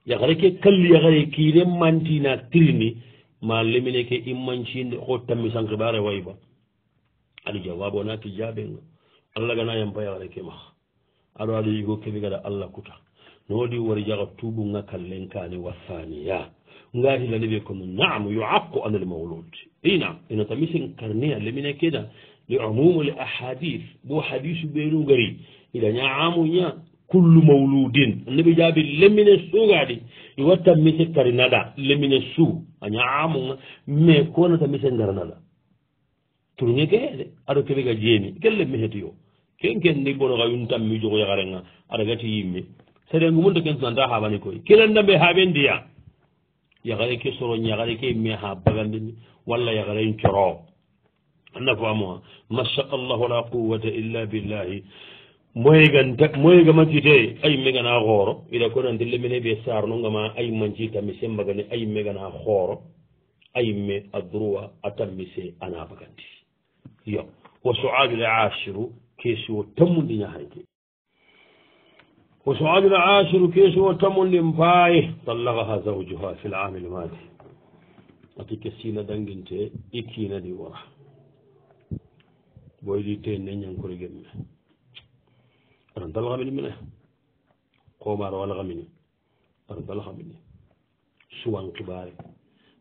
Speaker 1: yagare ke kalli yagare kiinen mantina tirini ma lemine ke immancinde ho tammi sankibare wayba aɗa jawabe onaki jaabenga allah gana yampa yagare ke maha aɗo aɗa yigo keɓe gada allah kuta nowaɗi wori jaga tuubu gakal lenkani wa saniya ngati lanewi komu naam yuakku anel mawlud inam ena tamisen karnea lemine keda li umumu li ahadis bo hadisu ɓenugari ida ña amu ña kullu mawludin annabi jaabi lemine suugaɗi i watta mise kari naɗa lemine suu a ña amu ga mais konata mise ngara naɗa turgeke heede aɗa keɓega jeeni kelle mihetuyo ken ken ndi bono ka yuntammi jogoyagarenga aɗa gati yimmi serengu mun to ken sunanta habani koy kilanda ɓe ha ɓe ndiya yagare ke soroñ yagare ke me ha bagandini walla yagare n coro anna fo amoa masaka llahu la quwata illa billahi moyganta moyigamatite ay megana xooro ida ko nante lemene ɓe sarno ngama ay manci tami se mbagani ay megana xooro ay me a droit a tammi se ana bagandi yo wa soabil ashiru ke siwo tammundi ñaxareke ko sohabil ashiru keesowo tammondin faaye ballagaha zawjuha fi l ami l maadi atike siina danguinte ikiina ɗi wora boyɗi tenne ñankore gemme aɗan dalhamini mine komaro walhamini aɗan dalhamini suwan kibare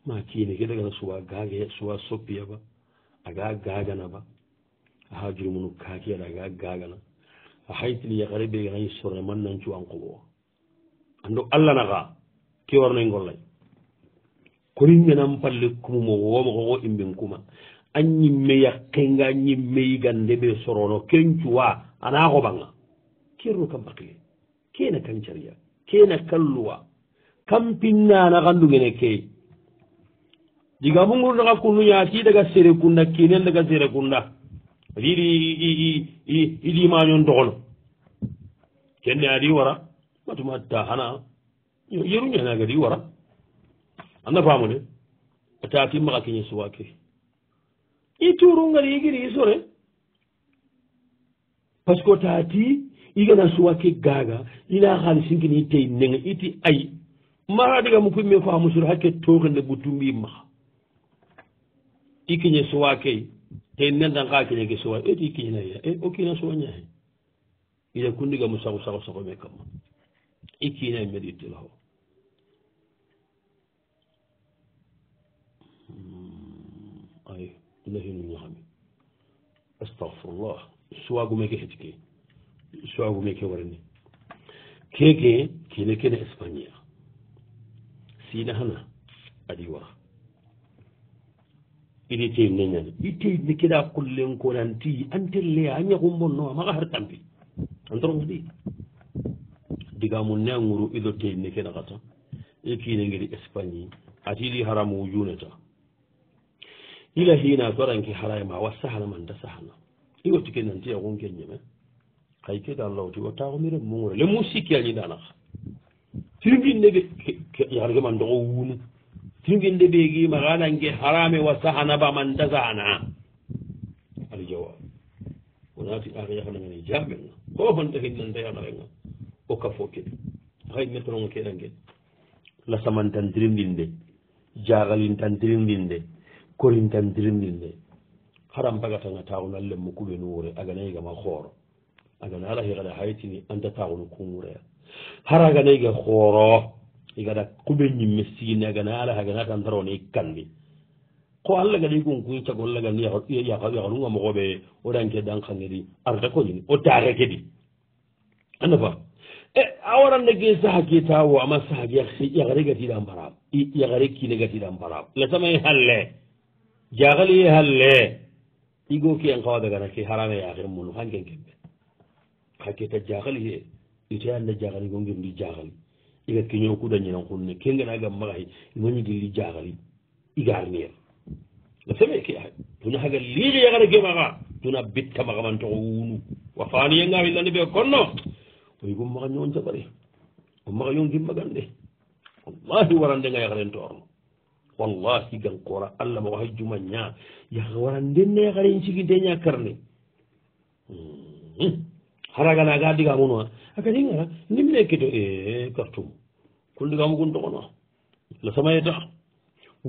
Speaker 1: ma kiine ke ɗagana suwa gaage suwa soppiya ba aga gaganaba ahajurumunu kaakiyaɗa aga gagana a haytini yakare ɓe ay sorne man nancu ankobo o andu allah naka ke warnoy e ngollay koninmenan palle kumumo wooma koko imben kuma a ñimme yakkenga ñimme yigande ɓe sorono kencuwa ana koɓanga kerno kam bakile kena kan caria kena kalluwa kam pinnana kandugene key diga mungurnaka kunnu ñaati daga sere kunda kinen daga sere kunda riri ilimañon dogono kenne adi wara matumatta hana yeruñanagadi wara anna famune ataki maxa kiñe suwa ke i turungari igiri sore parce que tati igana suwa ke gaga ina xali sinkini i tey nenga iti ayi maxa diga mukuy me famu sur hakke toxinde butumbi maxa i kiñe suwa key te nenda ngaa kine ge sowa eti kiñinaya e o kiina sowañahe ida kundiga mo sago sago sago me kamma i kiina mbed ittila ho hmm, ay lahinu ñaami astahfirullah suwaagu meke heti ke suwaagu meke warani keke kiine kene espagnea siina hana adi waa ini te ngeñal itte ni keɗa kullen konan ti antelle a ñahum bonno a maga har kampi antorongo ɗi digamum ne a guru ido te ni keɗa xata i kiine ngiri espagne atiɗi haramu juneta ila hiina toranke harayma wa sahana manda sahana iwoti ke nanti yahun keñeme xay ke da lawti wa taxo mi ren mugure le mu sikki añi danaxa sirgin nege yarge man doxo wunu tiginde ɓeegima haɗange harame wa sahanaba man dasana aɗa jawab wonati ɗaka yahanagane jamɓenga ko honta hinnanta yahanarenga o kafo ke hay metronga keɗangel lasaman tan dirdinde jagalin tan dirdinde korin tan dirdinde haram bagatanga tawnal lemmo kuɓenu wure aganayigama hooro aganaalahi kada haytini anta tawnu kumwureya hara aganayiga hooro igata kuɓe ñimme sigine agana ala hagana tan tarone kanɓe ko allah gadi gonkui cagollagan yaaxanunga moxoɓe o ɗanke danxangedi arta koñini o taxe kedi a nafa e a warande ge saha ke tawo ama sahag yaxare gatiɗan paraɓ yaxare kine gatiɗan paraɓ lasamaye halle jaxaliye halle igo ke en xawadagana ke harame yaxe munu xangen kemɓe xa keta jaxaliye itayanna jaxaligo ngirndi jaxali iga keñoo ku dañinan xunne ke nganagam maxay imañu gilli jaxalin igarneer a feɓeke a tuna xaga liixi yaxana gemaxa tuna bittamaxamantoxo wunu wa faniyanga filande ɓe konno oyigu maxa ñoon jabare o maxa yo ngimmagan de wallahi warandenga yaxaren toorno wallahi gan koora allah maxo xay juma ña yaxa warandenna yaxaren siginte ña karne xaraga hmm. naga digamunoa a gadingara ndimneketo e eh, cartum kulli kam gun togono la samaye tax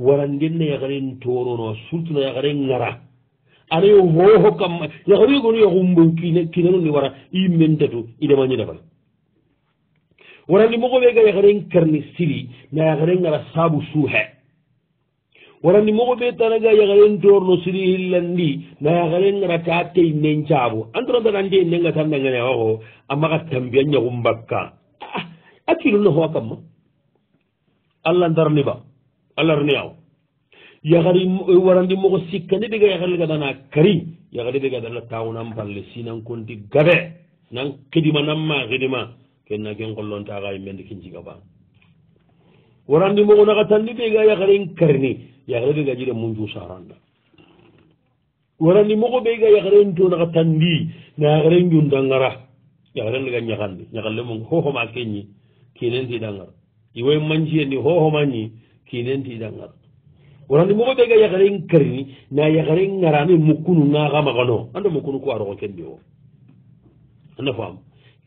Speaker 1: waran ngenne yakaren torono surtout na yakare ngara ara yo hoho kam yakare gonu yo humbo kine kine non ni wara i mendatu i dama ni dafal waran ni mogobe ga yakaren karni siri na yakare ngara sabu suhe waran ni mogobe tana ga yakaren torno siri hillandi na yakare ngara kate nencabu antoro da nande nenga tan nanga ne waho amma ka tambiyan ya humbakka akilu ah, no hoka kam allah darniba allah rniyaw yahari eh, warandi mogo sikkani ɓega yahari gadana kari yahari ɓe gadala tawunan balle sinan kondi gabe nan kidima nan ma hidima kenna ken gollontaxay mendi kin jiga ba warandi mogo naxa tandi ɓega yaharin karini yahari ɓega jire munju saranda warandi mogo ɓega yaharen to naxa tandi na yaharen jundangara yaharen ɗiga ñahalli ñahalle mogo hohoma kenñi kenen tiɗangara iwoye manji henni hohomanñi kinenti iɗan ar worani mogo ɓega yakharen karini na yakharen ngarani mukkunu nagamagano anda mukkunu ko arogo kenni o anda fam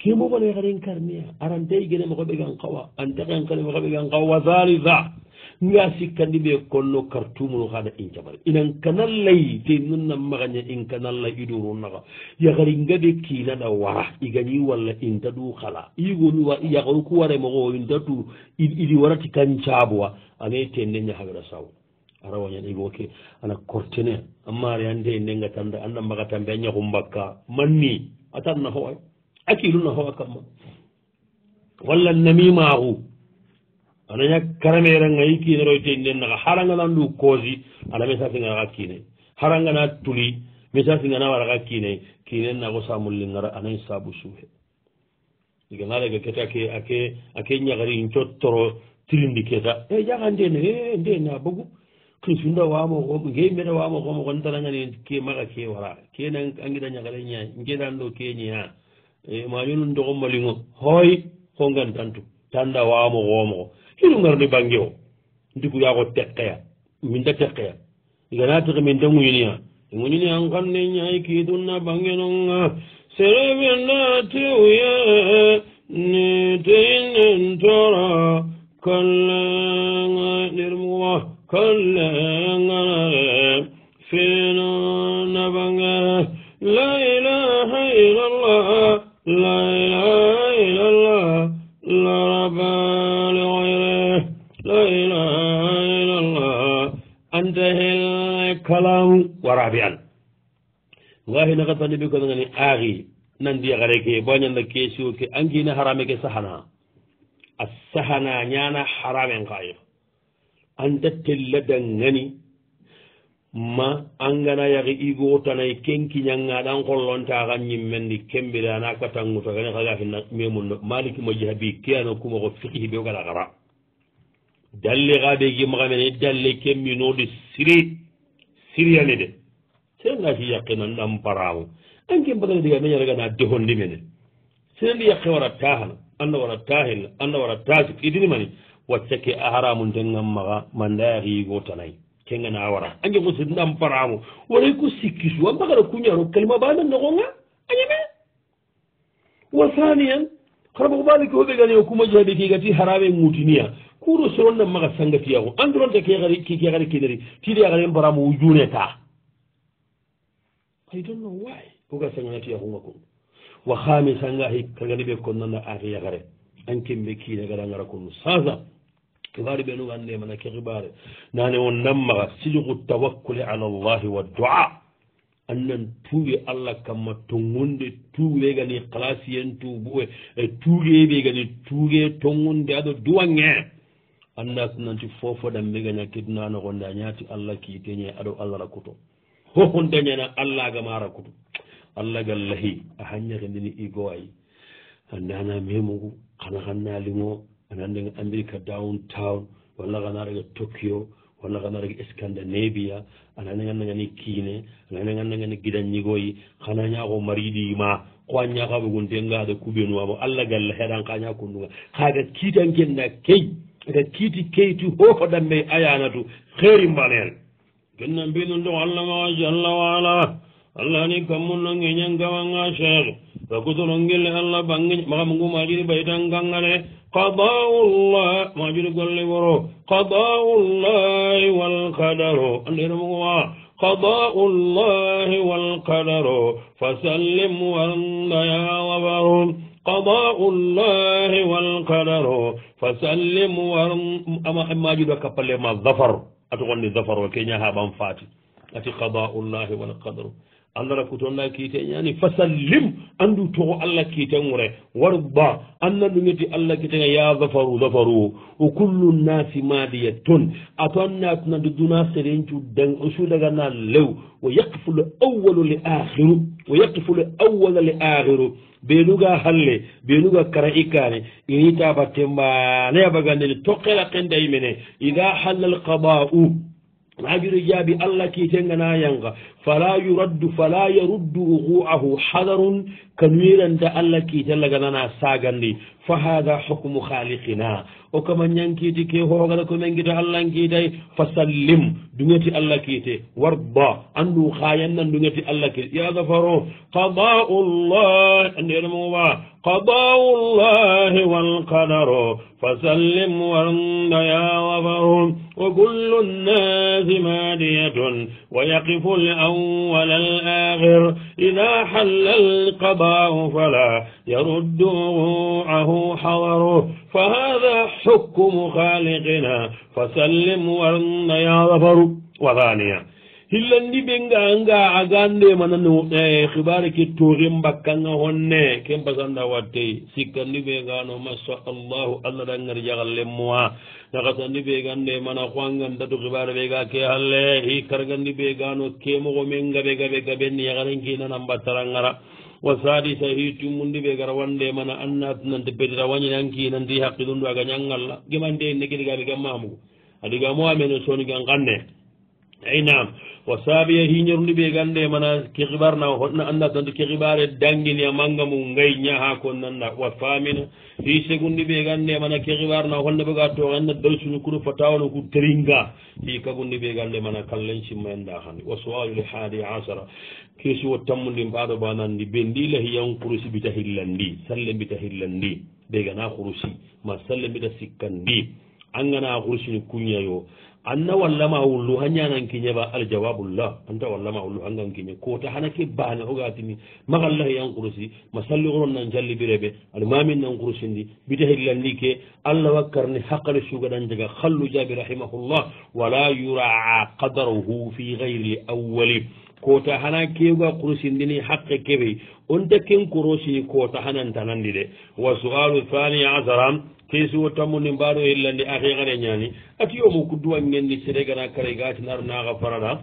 Speaker 1: ke mogono yakharen karniya arantei gene mogo ɓegan kawa antekenkane mogo ɓegan kawa wa halitha nga sikka ndi ɓe konno kartumuru hana in jabare inan kana lay te nunna magaña in kana lay iduru naxa yaxari ngaɓe kiinaɗa wara igani walla inta du xala igonu wa yaxaru ku waremoxo inta tu idi warati kan caaboa ane tende ñahagara saw arawañan igoke ana kortene amari ande ndenga tanda anna magatambe a ñaxum bakka manni atan naxowa a kiilu naxowa kamma walla namimaaxu ana ña karameranga i kiine roy teni den naxa xaranganan du koosi ana messasinga naxa kiine xaranngana tuli messasinga na waraxa kiine kiine naxo samulingara anay saabu suuxe ndiga na lega kete ake ake ake ñaxarin co toro tirindi keta e eh, jaxa ndeene e ndeene a bogu kisunda waamoxo ngei meta waamoxomoxo ntarangani ke maxa ke wara kene a ngita ñaxare ña ngedan do ke ñea eh, mañonu ndoxo malingo hoy ko ngan tantu tanda waamoxomoxo hiru ngarni bange o ndiku yaako tekkeya min ta tekkeya igana teke min ta ŋuyiniya ŋuyini an kanni ñayi kiitun na bange noŋa serebe na tewya ne teyinen tora kallaŋa nirmuwa kallaŋana feno na bange la ilaha ilallah yantahi alkalamu wa rabi'an wahi na kasa nibi kazan nan diya gare ke banyan da ke shi ke an gina harame ke sahana as-sahana nyana haramen qayo an dattilla dangani ma an gana yaki igo tanai kenki nyanga dan kollon ta ga nyimmendi kembira na katangu to gane kaga finna memun maliki mo jihabi kiyano kuma ko fiqhi be dalle kaɓe gi makamene dalle kemminoɗe siri siriyani de senati yakkinan ɗam paramu an ke mbagane diga meñaregana dehondi mene senadi yakke wara tahana anna wara tahen anna wara tasi idinimani wacceke a haramu tengam maga mandayakiyigo tanayi kengana wara anke ko sen ɗam paramu waray ko sikkisu a mbagara kuñaro kalima ba nan nogonga añame wasaniyan kara bogo ɓaali ke hoɓe gane o kuma jahaɓe kigati harame ngutiniya kuuro sironna maga sangatiyaxu andironte ke xari kinari tiri a xari mbaramo wu juune ta ay donno waay koga sanganatiyaxunga kun wa xamisa ngaxi kagani ɓe konnana axiya xare an kembe kiine gara ngara kunu sansa kibaari ɓenuga annemana ke xibaare naane o nan maxa siliku tawakule ala llahi wa dua an nan tuuɓe allah kamma tongonde tuuɓe gani xalasiyen tuɓue e tuuge ɓe gani tuuge tongonde aɗo duwa ngee annas nanti fofo ɗan mbigaña kidnanogonde a ñaati allah kiiteñe aɗo allah rakkuto hohon dañana allah gama rakkuto allah gallahi a hanñahendini igo ayi annana memugu xana xannalimo anandega america down town walla xana rega tokyo walla xana rega scandinavia anandeganndagani kiine anandeganndagani gidanñigoyi xana ñaxo mariɗima ko a ñaxa ɓegunte ngaada kuɓenuwamo allah gallahi aɗan xa ñakunduga xaga kiitanken na key eɗen kiiti keytu ho ko ɗanne ayanatu heeri mbaneen gennan mbinon ɗo allama wa jalla wa ala allah ni kammunno geñen gawanga cheikh wakutono ngille allah bange maxam ngu majiri ɓaytan gangane qadaullah majiri golle woro qadaullahi walkadaro anderemugoma qadaullahi walkadaro fasallim wanda ya wabaru qadaullahi walkadaro فسلم وارم أما إما جد كفل ما ظفر أتقول ظفر وكينها بام فاتي أتي قضاء الله وانا قدره allah rakkutoon laa kiite ñaani fasallim anndu to allah kiitenŋure warba annda ɗumeti allah kiitenga ya zafaru zafaru o kullu nnasi maadiya ton ato annatunandi duna serin cudden o suudagana lew o yakfu le awalu li ahiru o yakfu le awala li ahiru ɓeenuga halle ɓeenuga kara ikkaani initaaba tembaane abagandeni tokela kendayimene ida halla l kaba'u naajuri jaabi allah kiitenga naa yanga فلا يرد فلا يرد وقوعه حذر كنويرا دا الله كي تلغنا ساغندي فهذا حكم خالقنا وكما نيانكيتي كي هو غدا كو منغي دا الله كي فسلم دنيتي الله كي تي ورضا اندو خاينا دنيتي الله كي يا غفرو قضاء الله ان يرموا قضاء الله والقدر فسلم وارض يا غفر وكل الناس مادية ويقف الأول الأول الآخر إذا حل القضاء فلا يرد وقوعه حضره فهذا حكم خالقنا فسلم وارن يا ظفر وثانيا hillanndi ɓe nganga agande manan hibare eh, kettorin bakkanga honne ken basanna watte sikkanndi ɓe gano masallahu allah ɗangar jagalle moa nakasanndi ɓe gande mana hoangandato hibare ɓe ga ke halle hi kargandi ɓe gano kemogo men gaɓe gaɓe gaɓenni yagaren kinanan battarangara wa sadisa hi tummundi ɓe gara wande mana annanante petita wañinan kinanti haqqilundu aga ñangalla gimandeneke ɗigaɓe gammamugo adigamoamene soni gan kanne ay nam wa saabiya hiñorndu e e e ɓe gannde mana kekiɓar na honna annda tan kekiɓare dangini a manga mum gay ñaha ko nanda wa famina hi segundu ɓe gannde mana kekiɓar na honna ɓega to anna dawsunu kuru fatawano ku tringa hi kagundu ɓe gannde mana kallen simmayannda han wa sualul hadi asara kesi wo tammudi mbaɗo banandi ɓe ndi lahi yan kurusi mbita hillandi salle mbita hillandi ɓe gana kurusi ma salle mbita sikkandi angana kurusini kuñayo anna wallama wullu ha ñanan kiñeba aljawabullah anta wallama wullu hangan kiñe kota hana ke bane ogatini magallah yankurusi ma salli oron nan jalli bireɓe almamin nan kurusindi bita hillandi ke allah wakkarni hakkale sugaɗan jaga hallu jaabi rahimahullah wala yuraa qadaruhu fi gayri awali kota hana kewga kurusindini hakke keɓey onta ken korosini kota hanantanandi de wa sualu thani asaram keesi wo tammuni mbaaɗo hillande e axiixane ñaani ati yomo ko duwan gen ni sérégana kara gaati naaro naaxa farala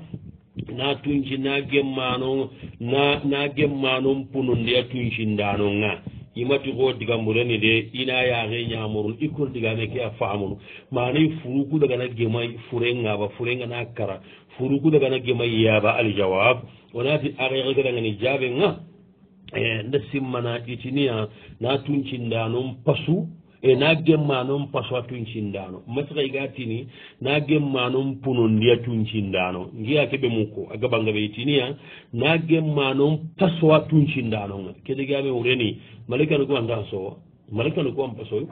Speaker 1: na tunci na gemmanon na na gemmanon punonde a tuncindanon ga imati xo digamburani de ina yaaxe ñamorun ikor digame ke a faamunu manay furuku dagana gemay furengaba furengana kara furuku dagana gemay yaaba aljawab wonati axeexe gadangani jaabe ga e eh, nda simmana itinia na tuncindanon pasu e na gemma noon paso atun cindano masiha ga tini na gemma noon puno ndi atun cindano giya keɓe mukko a gaɓanga ɓe tiniya na gemma noon paso atun cindanoa kede gaamen wureni malaika no gowanta soowa malaika no gowan pasoyo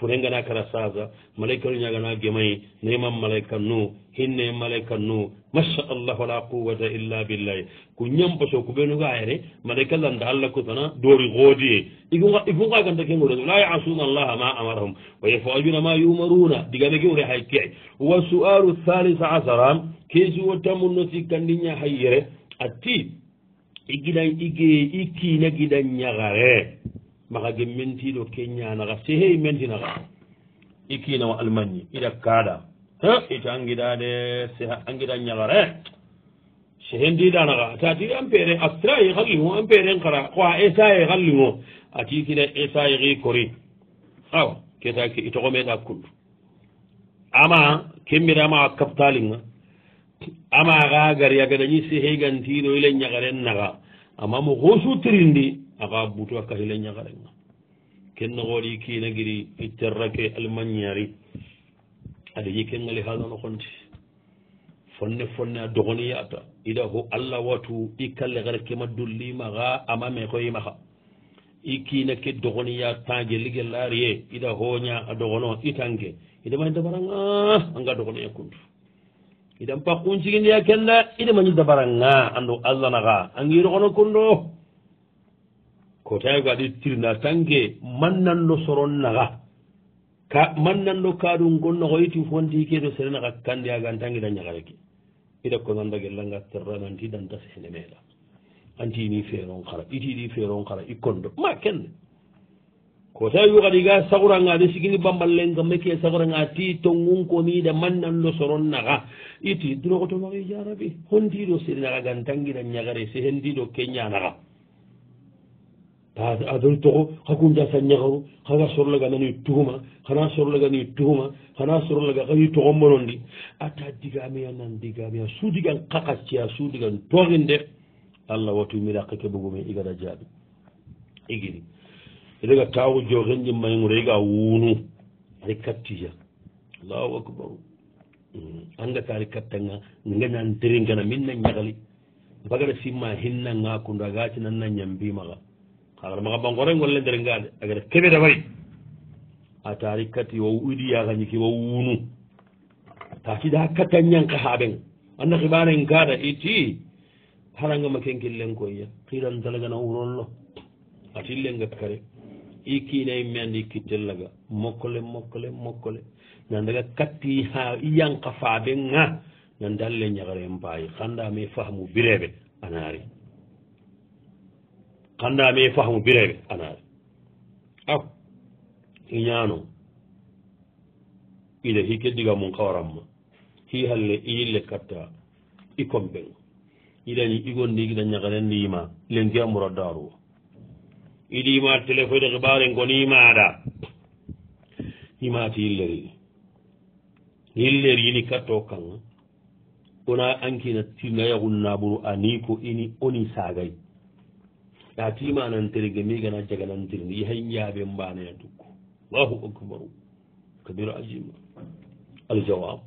Speaker 1: fo rengana kara sasa malaikaru ñagana gemayi neyman malaikat nu hinne malaikat nu machallah wala quwata illa billahi ko ñampaso ko ɓenuga ere malaika landa allah kotana doori goodiye ifu ngaganta kengo res la yasuna allaha ma amarahum wa yafaluna ma yumaruna digaɓe gewre hay kee wa sualu halisa asara keesi wo tamunno sikkandiña hayyere atti igiɗan ige i kiina giɗan ñagare maxa ge mentiɗo keñanaxa sehe mentinaxa i kinawa almagni ida kaada ita angiɗa de seha angiɗa ñaxare sehe ndidanaxa atati empere astra ye xa ligo empere nxara xa esa ye xa ligo ati kine esa ye xi kori awa keta ke i toxometa kundu ama ke mbira maxa kaptalinga ama xa gari a gadañi sehe gantiɗo ile ñaxaren naxa ama mo xu su trindi aka butu a kahile ñakarenga ken noxooɗi kiina giri itterake almagñari aɗa yi kengali haalano xonte fonne fonne a doxoni yaata ida fo allah watu i kalexere kema dullimaxa ama mexoyimaxa i kiina ke doxoni ya tan jelige laarie ida hoña a doxono itanke ida mañi dabaranga anga doxonoye kuntu idan pa qun cigindiya kenda ida mañi dabaranga ando allah naxa angi roxono kundo ko tawi ko aɗa ittirna tange mannanno soronnaka ka mannanno kaadu gonno ko yiti fondikeeto serenaka kandiyagan tange dañakareke ita ko nandagella ngatterran anti dantasene meeɗa anti ni feeron kara iti ɗi feeron kara ikkondo ma kenne ko tawi kadi ga sahuranga de sigini bamballeggammeke sahuranga ti tongun koniida mannanno soronnaka iti duroko tomaki jarabi hondiɗo serenaka gan tangiɗa ñakare se hendiɗo keñanaka adon toxo xa kunja sa ñaxaru xana sorolaga nani tuxuma xana sorolaga ni tuxuma xana sorolaga xani toxo monondi ata digamea nan digamea su digan xaxacea su digan toxin de allah watu mira xeke bugume i gada jaaɓi igini rega taxu joxen jim mayngu rega wunu re kattija allahu akbaru mm, angata re kattanga ngañan teringana min na ñaxali mbagada simma hinnanga kundo a gatinan na ñambimaxa kala maga bangore golle nder ngade agara keɓe dawari a tari kati wo idi yakañiki wo wunu ta siɗa katta ñanka ha ɓen anna xiɓanen gaada iti harangama kenkillen koya xiran dalagana wurollo atillengakkare i kiinayi meandi kittellaga mokkole mokkole mokkole nandaga katti ha yanka faɓen ga nandalle ñagaren mbayi xanda me fahmu bireɓe anaari kanndaami e fahmu bireeɓe anaare ak i ñaano ile hi keddiga mum kawaramma hi halle iille katta ikomɓen ileni igondiigida ñagalenndiima lengiya muroddaaruwa iɗiima téléphone xibaren goniimaaɗa imaati illeriini illeriini katto kanga wona ankina tirna yahun naaburu ani ko ini oni saagay ya timanantirige migana jaganantirni yahay jaabe mbanaya dukko allahu akbaru kabiru ajima aljawab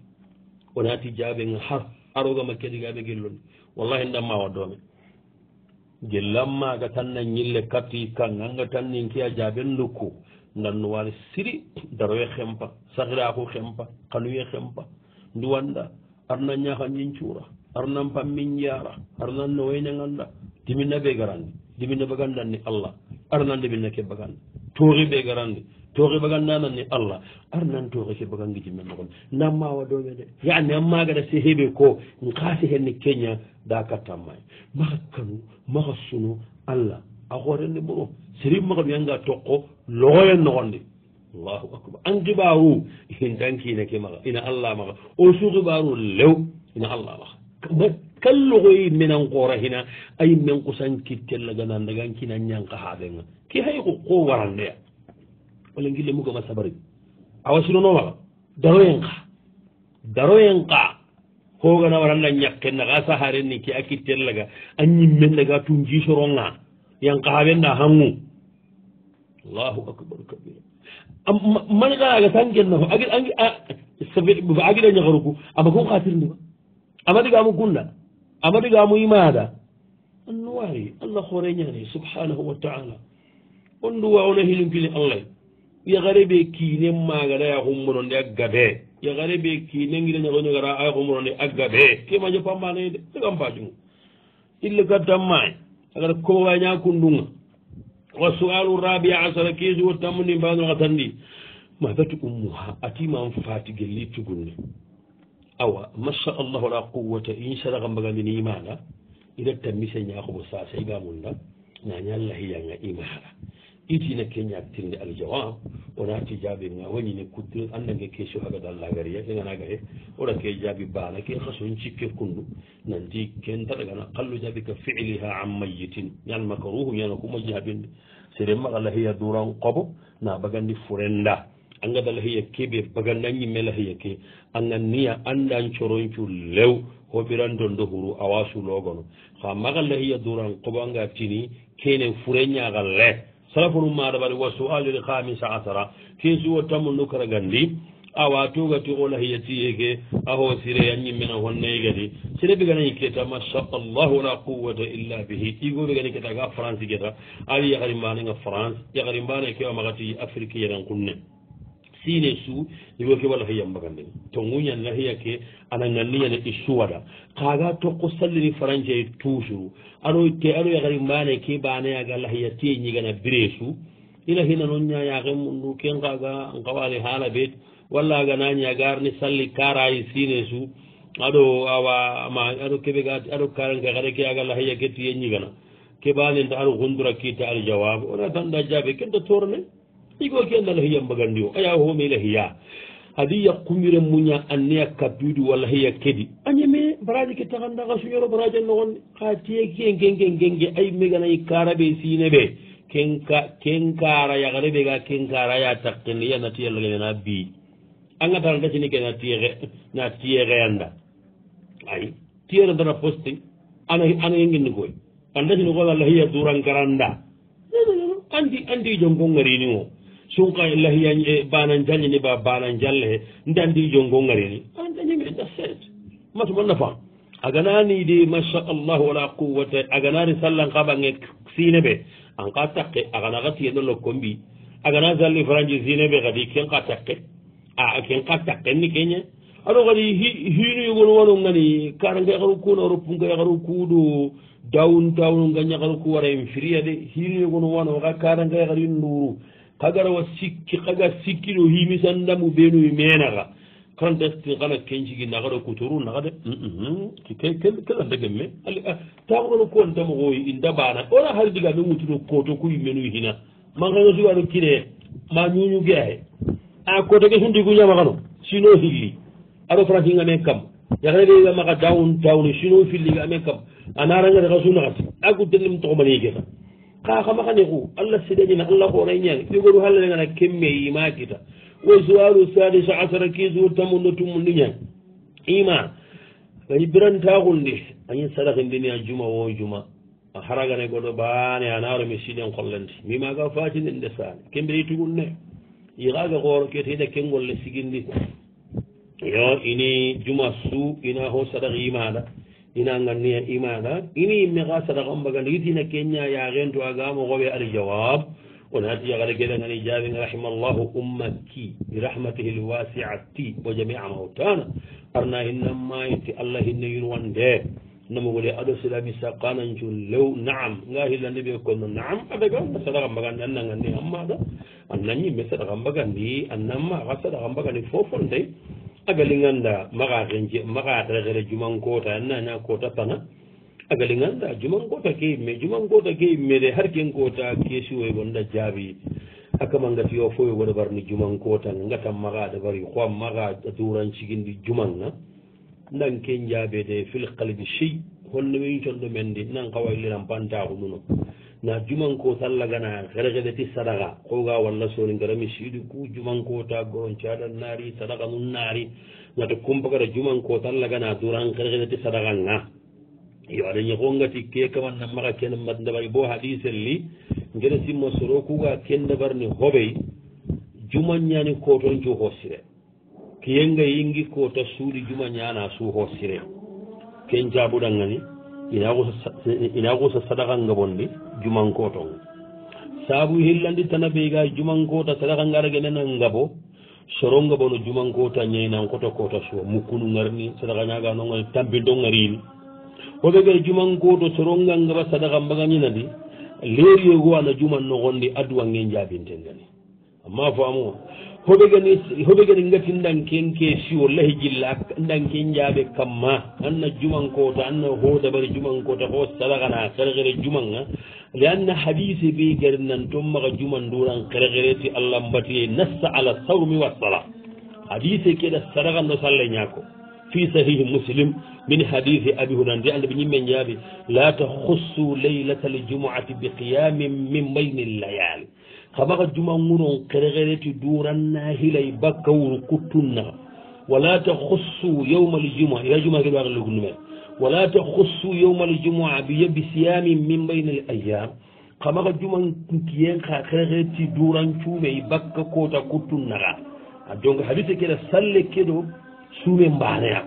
Speaker 1: wonati jaabe har arogama kedigaɓe gellon wallahi ndamma waddome gellammaga tan na ñille kati ka ganga tan nin kiya jaaben dukko ndannu wani siri daroye xempa sahiraku xempa xanuye xempa nduwanda arna ñaha ñin cuura arnan pammin jaara arnan nowoyne ganda timinna ɓe garandi dibinde bagandan ni allah arnan dibinde ke baganda tooxi ɓe garande tooxi bagandanan ni allah arnan tooxi ke bagan gijimme mogon nam mawa dowe de yaani an magada si heeɓe ko nkaasi henne keña da kattanmay maxa kanu maxa suno allah a xoorenne ɓoro serim maxa ɗuyanga toqo loxoyen noxonde allahu akbar an xibaru intan kiina ke maxa ina allah maxa o suxibaru lew ina allah maxa ma kalluxoy menan qoora xina ay men qusan kittel lagana ndagan kina ñanqa xaadenga ki xay qo warandeya wala ngile mugama sabari awa sinonomaga daroyen qa daroyen qa hoogana waranda ñakken naxa saxarenni ke a kittel laga a ñimmen laga tun jisoronga yanqaxaɓenna xangu allahu acbar kabira mani xa aga tan gennafo a a a gida ñaxaruku a bagoo xatirndiba amaɗigamu gunna amaɗigamu imaada onnu waawi allah hoore ñaane subhanahu wa taala onndu waa ona hilumpili allah yahare ɓe kiine maagada ya xummononde a gabee yahare ɓe kiine ngida ñaxoñagara a xummononde a gabee ke ma jopambanee de jagam pacungu ille gaddammaay agata kowowaa ñaakundunga wa sualu rabi asara kesi wo tammundi mbaanoxatandi maga tu ummuha atimam fatigelli tugunne awa massa allahu la quwata in sadaka mbagandi ni imaga ida tammise ñakomo sasa iga munda nañalla hiyanga imaga itina ke ñaktirde aljawab onati jaabi nga wañine kutte andange keso hagadallagariya eganagaye oɗa ke jaabi bana ke hason cikke kundu nanti ken taɗagana kallu jaabi ka filiha an mayitin ñan makaruhu ñana kuma jaabinde sere magalla hiya duran koɓo na bagandi furenda a gadal heya keɓe baganna ñimmel heya ke a ganniya andan coroncu lew hoɓirando ndo huru a wasu logono ha magalla heya duran koɓanga tini kene fure ñagal le salafonum maɗabaɗe wa sualul hamisa asara ken suwo tammo ndo kara gandi awa togati ola heya tiyeke a hosire a ñimmena honnayi gadi sere ɓe ganayi keta machallahu la quwata illa bihi ɗigo ɓe gani keta ga france keta ari yahari mbanega france yahari mbane kewa magati afrique yeren kunne sine su iwoke walla hiya mbagandeni to guñanna hiyake ana nganniyane i suwada kaga tokko sallini franca e toujours aɗo te aɗo yagari mbane ke banayagala hiya tie ñigana bire su ina hina noon ñayake mundu ken kaga nkawani haala be walla agana ñagarni salli karayi sine su aɗo awa ma aɗo keɓega aɗo karanke kade ke agala hiya ke tie ñigana ke banenta aɗo gondura kita aljawabe ona tan da jaabe kenta torne igo ke ndala hiya mbagandi o aya homela hiya adi ya kumire muña anniya kabbidu walla hiya kedi añeme baraji ke taxandaxa suñoro baraji nogon xa tie kenkenke genge ay meganayi karaɓe sine ɓe kenka kenkara yaxare ɓega kenkara ya taqine ya nati yallagenena bi anga tara dacini ke na tiexe na tiexeyanda ay tiere dana poste ana ana yengini koy an dacini koola hiya durankaranda anti anti jom ko ngarini o sunka lahiya eh, banan jalleni ba banan jalle he ndandijo ngongarini ah, an dañimi da sede matuma nafan aganani de machallah wala quwata aganani sallankaɓange sine ɓe an ka takke agana xa tiye nolo kombi agana salli franji sine ɓe kadi ken ka takke a ah, ken ka takkenni keñe ado kadi hinu yogonuwano gani karange xaru kunaro punke xaru kuɗo dawun tawnu ngañe xaru ku wara infiria de hinu yogonuwano xa karange xari nduru kagarawa sikki kaga sikkiɗo himisandamu ɓenoyi menaga karantati kana kencigi nagaɗa kutoru nagade kelandegemme ah, tamano kontamogoyi indabana ona haridigame wutino koto kuyi menuyi hina magaosugano kine ma ñuñugeahe a kotoke sundigu ñamagano sino filli aɗo francingame kam yakaneɗeɓa maga dawn dawn sino filligame kam anarangade kasunagati akutenem toxomanigeka kaa xamaxani xu allah siɗañina allah xoorey ñang ɓigoru halalengana kemme yima kita wa suwaru sadis asara kisur tamundo tumundi ñang ima ay birantaxundi añi saɗaxindini a juma wo juma a xaragane goɗo baane anaaromi siɗen xollendi mi maga fatinen de saane kembe i tugun ne yixaaga xooro keteyida kengolle siginndi yo ini juma su ina xo saɗax yimaaɗa ina ganniya imana ini imme ga sadakan bagandi itina kenya yaxento agamoxoɓe aljawab ونأتي على كذا أن إجابة رحم الله أمك برحمته الواسعة وجميع موتانا أرنا إنما يتي الله إن ينوان ده نمو ولي أدو سلامي ساقانا نجول لو نعم لا إلا النبي يقول نعم هذا قال مثلا غمبغان أننا غني أما هذا أنني مثلا غمبغان دي أنما غسل غمبغان فوفن دي agali ganda maxatenje maxatexere jumankoota nana koota panga agali ganda jumankoota ke yimme jumankoota ke yimme de har ken koota kesiwoy gonda jaabi a kama ngati yo foyo goda bar ni jumankoota ngata maxa de bari xoa maxa a turancigindi jumanga ndan ke jaabe de filqalbi sey holno weñi ton ɗo men di nan xawayliran pantaxu nuno na jumanko talla gana xereketi sadaka koga walla soni garami sidu ku jumankota goroncaɗan naari sadaka nun naari ngati kumpagata jumanko talla gana duran xereketi sadaka nga yo aɗa ñoxongati ke kamanna maxa kene mbatdabay bo haɗiselli ngere simma soro kuga kendabarni hoɓey jumanñani koton cuho sire kiyenga yingi kota suuɗi jumanñana suho sire ken jaɓuɗangani ina kusa sadakangabondi jumankoton saabu hillandi tanabeyga jumankota sadakangaragenena ngabo soronga bono jumankota ñeynan koto kota suwa mukkunu ngarni sadaka ñaganoa tampinto ngarini hoɓe ɓe jumankoto soronga ngaba sadaka mbaganinandi leeriyego ana juman nogondi adduwange jabintengani amma fo amua hoɓegani hoɓegani gati danken ke siwo lahi jilla danken jaaɓe kamma anna jumankota anna hoodabare jumankota ho sadakana kereere jumana le anna hadise ɓe gari nan toon maga juman duran kereereti allah mbatie nasta ala sawrumi wassala hadise keɗa sadakanno salla ñako fi sahihi muslim min hadise abi hunande ande ɓe ñimmen jaaɓe la tahussu laylata l jumaati bi qiyamin min bayni llayali kamaka juma ŋuron kereereti duranna hilay bakka wuru kuttunna wala takhussu yawmal juma ila juma ke ɗoaka lugnume wala takhussu yawmal juma biya bi siyamin min bayna l ayam kamaka juma kiyen ka kereereti duran cuume i bakka kota kuttunnaka a donc hadise keɗa salle keɗo suume mbaneya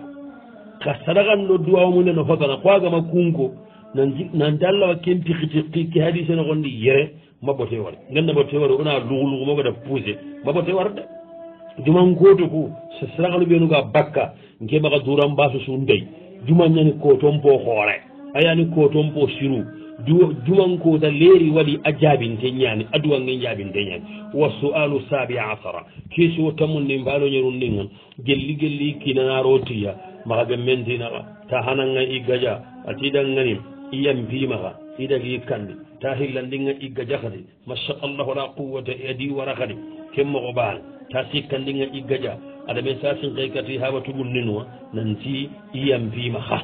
Speaker 1: ka sadakan ɗo duwawamunde no fagana koagama kunko nan nan dallawa kenti kiti ki hadise nogonɗi yere maɓɓo tewar gandama tewar ona lugulugu mogota pusé maɓɓo tewar de juman koto ko so sarakalu ɓenuga bakka keɓaka duran mbaso sundey jumanñani kotonpo hoore ayani kotonpo siru juman kota leeri waɗi a jaabinte ñaani aduwange jaabinte ñaani wa sualu sabi asara keesi wo tammu ndi mbaloñerun ndin an gelli gelli kinanaro tiya maka ɓe mentinaka ta hanangan i gaja a tiɗan ngani iyampimaka iɗaki kandi ta hillandinga igga jahadi masha allahu la quwata adi wara hadi kemmoko baal ta sikkandinga igga ja aɗa ɓe sasin kaykati haɓa tuɓum ninwa nan si iyam fima ha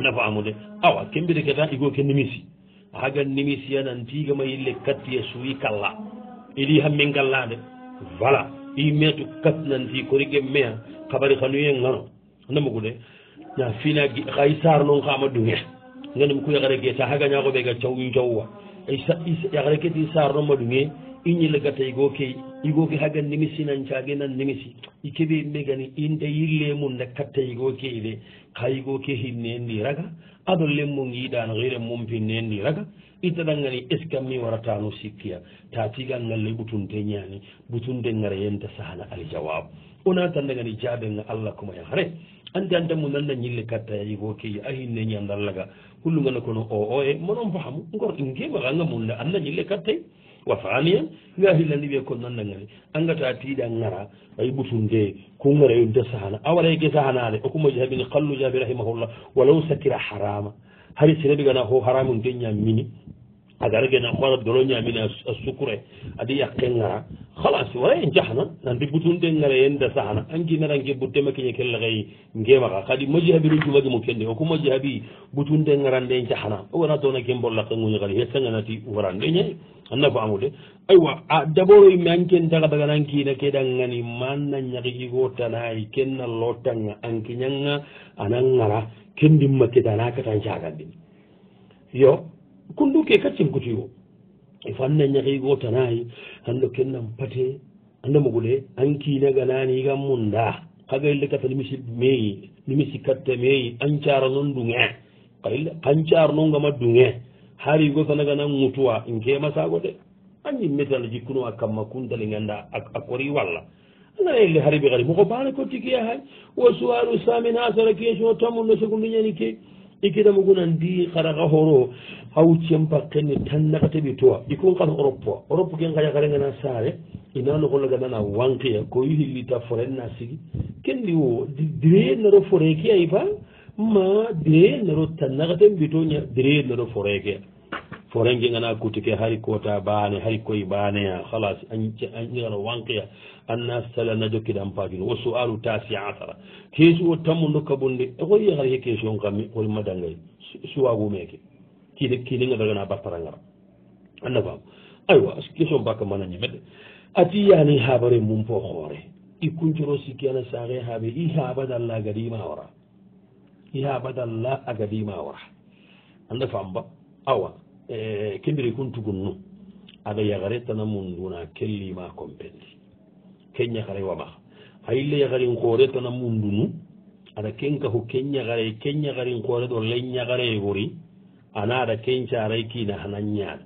Speaker 1: nafa amude awa kembiri keta igo ke nimisi hagan nimisiya nan tigama yille kattiya suwi kalla idi hammin gallade voilà i metu kat nanti korigue meya kabari hanuye gano namugude na fina xay sar non kama dugue ganim ku yakhare ke taha gaña ko ɓega caw jawwa yakhare keti sarno maɗume i ñillegata igo ke igo ke hagan nimisi nan cage nan nimisi i keɓe yimɓe gani inde yillemum de katta igo ke ɓe ka igo ke hinnendi raga adol len mo giɗano hiren mum pinnendi raga itaɗangani est ce que mi waratano sikkiya ta tigal ngalle ɓutunte ñani ɓutunde gara yenta sahana aljawabu ona tandagani jaɓega allah kuma yahare anti antamu nanna ñille katta igo ke a hinne ñandallaga hullugana kono o o e monon faamu gor ɗum gewa angamunde anda ñille kat tay wa famiyan nga hillani wiye kon nandagani angata tiiɗa gara ay ɓutun de ko garayude e sahana awara ge sahanade e o kumaji habini kallu jaabi rahimahullah walaw sakira harama hay sereɓe gana ho haramum de ñammini agargena hoora doro ñamina a sucre adi yakkenga halas wala en jahna nan ributunde ngara yenda sahana anki merange buddema keñe kellakay ngemaka kadi maji habi rojuwage mo kende oku maji habi butunde ngarande jahana owona dona ke mbollaka goñi kadi hesanganati warande ñay annafo amude aywa a dabord yimme anken taga bagan ankina keɗangani manna ñaki igo tanayi kenna lotanga anki ñanga anan ngara kendimma keɗanakatan cagandin yo kunduke kaccen kotiyo e fo anna ñahigo tanayi hanno kennan pate annamogule an kinaganaanigan mun da kaga ille kata limisi meyi limisi katte meyi an cara non dunge kaille kan caro non gama dunge hari go sanaganan mutuwa inke masago de an yimmete ala jikkuno a kamma kuntali ganda a kori walla anana ille hari be gari moko bane ko tikiya hay wo suwaru samina sara kesio tammunno segundu ñani key ikita mo gonan ndi kara ka horo haw cempa kenni tan naka teɓi towa ikon kata europe europe ken kaya karengana saare inano kolla gadana wankiya ko yihillita foret na sigi kenndi wo dree naro foretkeya yipa ma dree naro tan naka tenɓi toña dree naro foretkeya foret ke gana kuti ke hari kota baane hari koye baaneya halas aigana wankiya anna sala na jokkiɗan pajuni wo sual tasi asara keesi o tammo dokka bonde e hoyi hara he question kammi hori maddangay suwagumeke kiide kiidega dagana bartara ngara anna faam aywa question bakka manañi mede ati yani habare mum fo hoore i kuncoro sikki ana saahe haabe i habadalla agadima wara i habadalla agadima wara anda faam ba awa kembiri kon tugun nu aɗa yagare tana mum nduna kellima compendi keñagara wama hayleyagarin koore tona mundunu aɗa kenka ko keñagara keñagarin koore ɗo leñagare wori ana aɗa kencaaray kina hana ñaan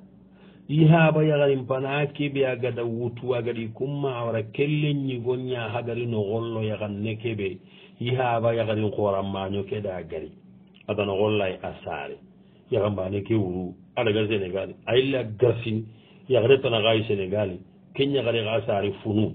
Speaker 1: i haaba yagarin pana keɓe a gada wutu a gaɗi kumma awara kelleñigoña ha gari no gollo yagan ne keɓe i haaba yagarin kooranmaño keɗa a gari aɗa no gollay a saare yagambane ke wuru aɗa gar sénégal a yilla garsin yagare tana xaayi sénégal keñagare xa saare funum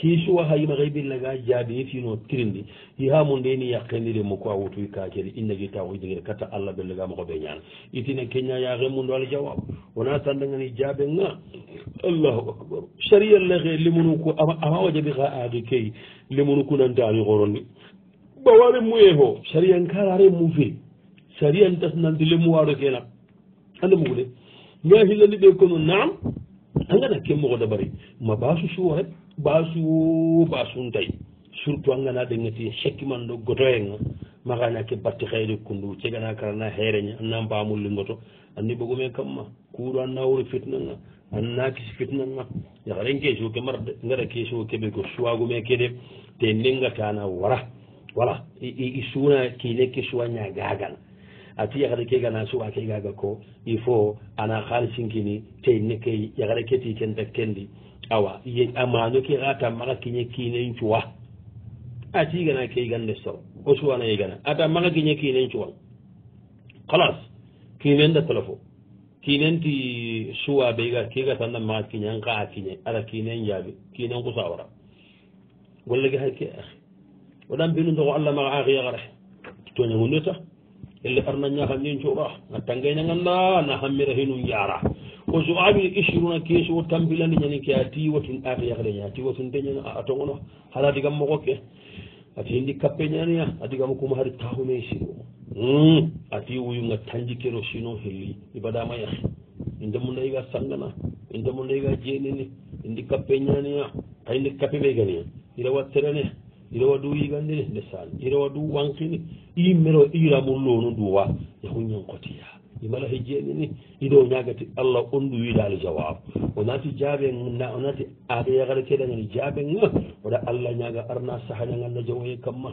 Speaker 1: kiisuwa hayima haybilla ga jaabi yefino tirindi yiha mum ndeni yakkendire mo ko a wotuy kakeri innagi tawo idigere katta allah bellega mo ko ɓe ñana itine keña yaahe mum ndo ala jawab wona tandagani jaabe ga allahu akbar saria lahe limunu ko ama wajaɓi ha aaki key limunu kunantaani horondi bawari muye ho sarian kalare mu fe sarian tasnanti limu waro kena ande mugu de ga hillandi ɓe kono nam angana ke mogo dabari ma basu suwo rek basu basuntay surtout angana ɗengati chekki man ɗo gotoyenga magana ke batti hayri kundu cegana karana hereña anna mbamullingoto andi ɓogume kamma kuuɗo anna wuro fitnanga anna kisi fitnanga yaharen keso ke marde gara keso keɓe ko suwagume keɗe te nengatana wara voilà i suuna kine ke suwa ñagagal ati yahare ke gana suwa ke gaga ko il faut ana haalisinkini te neke yahare keti kenta kendi awa ye amaano ke a tammaka kiñe kiinencuwa a tiigana keigan le soro o suwana yegana a tammaka kiñe kiinencuwa halas kiinen da talafo kiinen ti suwa beyga kiga tan dammaka kiñen ka a kiñe ata kiinen jaabi kiinen kusawara walla ge hake ahi waɗan binu ndoko allah maga axiyaxare toñagundeta elle arna ñaxandincuura a tangeñanganda naxammira hinum jaara o so awi isruna keso o tampilandi ñani ke a ti watin ɗaka yahleña a ti watin deñani a togono hara adigam mogo ke ati hindi kappe ñaniya adigam kuma hari tahume sino ati wuyunga tanjikero sino helli ibadama yah indemundayiga sangana indemundayiga jenini indi kappe ñaniya ayindi kappe ɓeganiya irawa terene irawa du yigandini nde sani irawa du wankini i mero iramu lono duwa yahu ñankotiya imala hejjeni ni ido ñagati allah onɗu wiidali jawab onati jaabe onati aade yagara keɗengani jaabenga oɗa allah ñaga arna sahañaganna jawoye kamma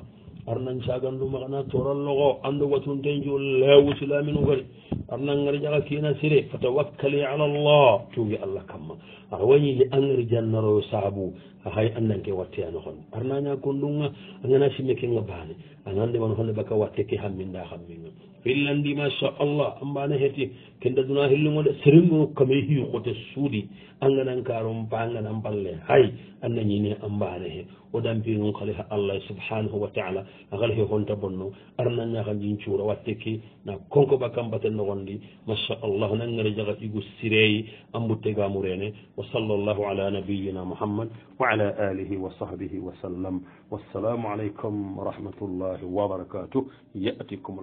Speaker 1: arnan caganduma kana toral logo ando watunten jo lewutilaminu gari arnan garjaga kina sire fatawakkali ala llah tuugi allah kamma aa wañiji angari jannaroyo saabu ahay annanke watte a nohon arnaña kondunga agana simme kenga baane anandemano hone baka watte ke hamminda hamminga hillandi masha allah ambana heti kenda duna hillugode serengo kame hiyokote suudi anganan karon pa anganan balle hay annañine ambane he o dampinon kala ha allah subhanahu wa taala akala he honta bonno arnanñakanjin cuura watte ke na konko ba kambaten nogondi masha allah nangere jaga ƴigu sireyi ambuttegamurene wa sall llahu ala nabiyina mouhammad wa ala alihi wa sahbihi wa sallam wassalamu aleykum wa rahmatullahi wa barakatuh yatikum